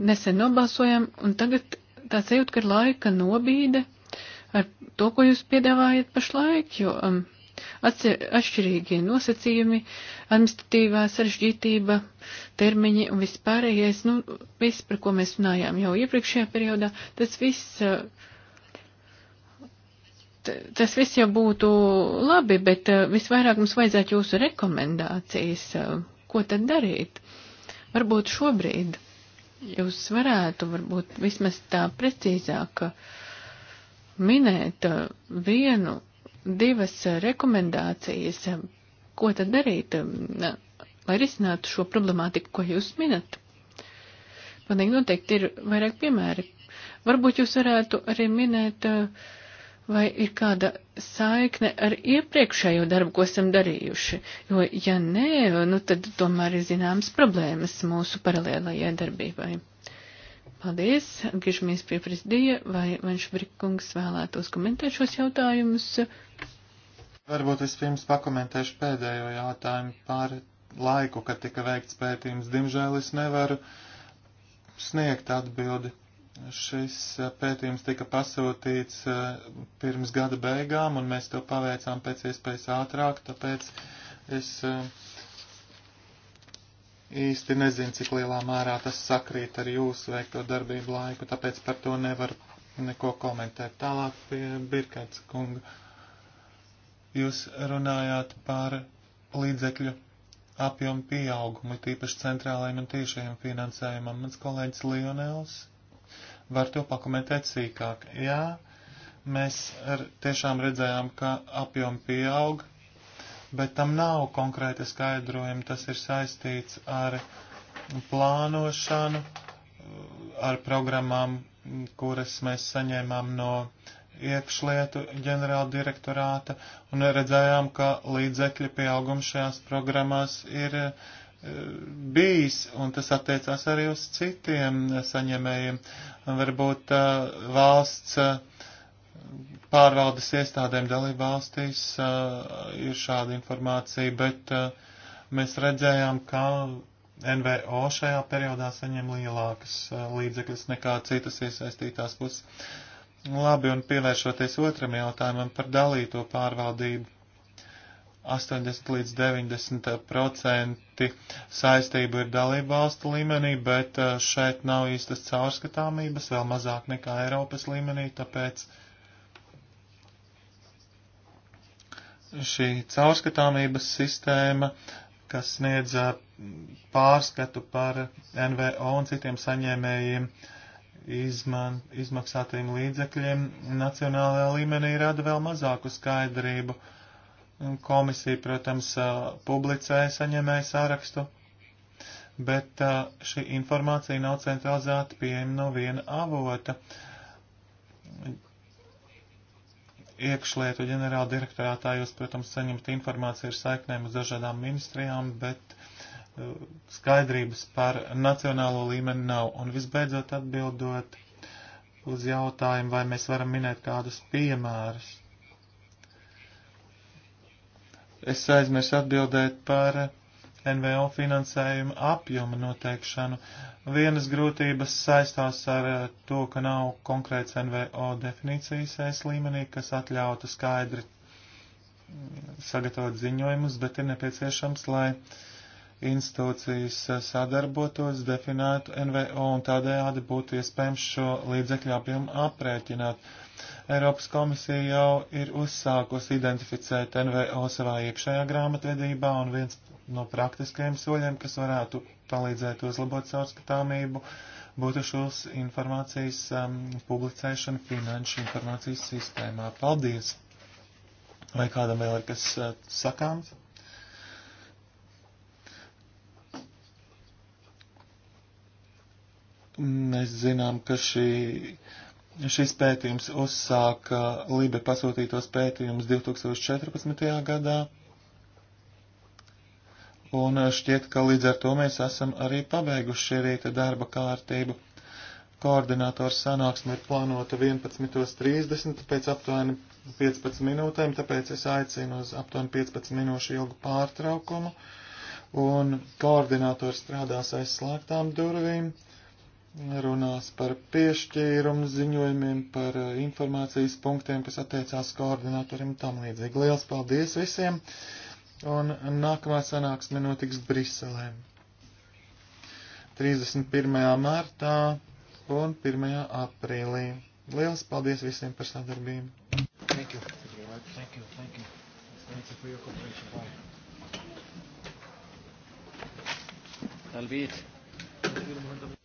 nesen nobalsojam, un tagad tā sajūta, ka ir laika nobīde ar to, ko jūs piedāvājat pašlaik, jo um, atšķirīgie nosacījumi, administratīvā sarežģītība, termiņi un viss pārējais, nu, viss, par ko mēs runājām jau iepriekšējā periodā, tas viss, tas viss jau būtu labi, bet visvairāk mums vajadzētu jūsu rekomendācijas, ko tad darīt. Varbūt šobrīd jūs varētu, varbūt vismaz tā precīzāk minēt vienu divas eh, rekomendācijas, ko tad darīt, um, lai risinātu šo problemātiku, ko jūs minat. Panīgi noteikti ir vairāk piemēri. Varbūt jūs varētu arī minēt, eh, vai ir kāda saikne ar iepriekšējo darbu, ko esam darījuši, jo, ja nē, nu tad tomēr ir zināmas problēmas mūsu paralēlajai darbībai. Paldies, atgriežamies pie prezidija, vai Vanšbrikungs vēlētos komentēt šos jautājumus. Varbūt vispirms pakomentēšu pēdējo jautājumu par laiku, kad tika veikts pētījums. Diemžēl es nevaru sniegt atbildi. Šis eh, pētījums tika pasūtīts eh, pirms gada beigām, un mēs to paveicām pēc iespējas ātrāk, tāpēc es eh, īsti nezinu, cik lielā mērā tas sakrīt ar jūsu veikto darbību laiku, tāpēc par to nevaru neko komentēt. Tālāk pie Birkats kunga. Jūs runājāt par līdzekļu apjomu pieaugumu, tīpaši centrālajiem un tiešajiem finansējumam. Mans kolēģis Lionels var to pakomentēt sīkāk. Jā, mēs tiešām redzējām, ka apjomi pieaug, bet tam nav konkrēta skaidrojuma. Tas ir saistīts ar plānošanu, ar programmām, kuras mēs saņēmām no iekšlietu ģenerāla direktorāta un redzējām, ka līdzekļu pieaugums šajās programmās ir e, bijis, un tas attiecās arī uz citiem saņēmējiem. Varbūt e, valsts e, pārvaldes iestādēm dalība valstīs ir šāda informācija, bet mēs redzējām, ka NVO šajā periodā saņem lielākas līdzekļas nekā citas iesaistītās puses. Labi, un pievēršoties otram jautājumam par dalīto pārvaldību. 80 līdz 90 eh, procenti saistību ir dalību valstu līmenī, bet eh, šeit nav īstas caurskatāmības, vēl mazāk nekā Eiropas līmenī, tāpēc šī caurskatāmības sistēma, kas sniedz eh, pārskatu par NVO un citiem saņēmējiem, uh, izman, izmaksātajiem līdzekļiem nacionālajā līmenī rada vēl mazāku skaidrību. Komisija, protams, publicēja saņemēju sārakstu, bet šī informācija nav centralizēta pieejama no viena avota. Iekšlietu ģenerāla direktorātā jūs, protams, saņemat informāciju ar saiknēm uz dažādām ministrijām, bet uh, skaidrības par nacionālo līmeni nav. Un visbeidzot atbildot uz jautājumu, vai mēs varam minēt kādus piemērus. Es aizmirsu atbildēt par NVO finansējuma apjoma noteikšanu. Vienas grūtības saistās ar to, ka nav konkrēts NVO definīcijas es līmenī, kas atļautu skaidri sagatavot ziņojumus, bet ir nepieciešams, lai uh, institūcijas eh, sadarbotos, definētu NVO un tādējādi būtu iespējams šo līdzekļu apjomu aprēķināt. Eiropas komisija jau ir uzsākusi identificēt NVO savā iekšējā grāmatvedībā un viens no praktiskajiem soļiem, kas varētu palīdzēt uzlabot caurskatāmību, būtu šos informācijas um, publicēšana finanšu informācijas sistēmā. Paldies! Vai kādam vēl ir kas uh, sakāms? Mēs zinām, ka šī, šis pētījums uzsāka Lībe pasūtītos pētījumus 2014. gadā. Un šķiet, ka līdz ar to mēs esam arī pabeiguši šī rīta darba kārtību. Koordinātors sanāksme ir plānota 11.30 pēc aptuveni 15 minūtēm, tāpēc es aicinu uz aptuveni 15 minūšu ilgu pārtraukumu. Un koordinātors strādās aiz slēgtām durvīm runās par piešķīrumu ziņojumiem, par eh, informācijas punktiem, kas attiecās koordinatoriem un tam līdzīgi. Liels paldies visiem! Un nākamā sanāksme notiks Briselē 31. martā un 1. aprīlī. Liels paldies visiem par sadarbību! Thank you. Thank you. Thank you. Thank you for your cooperation. Bye. Talbit.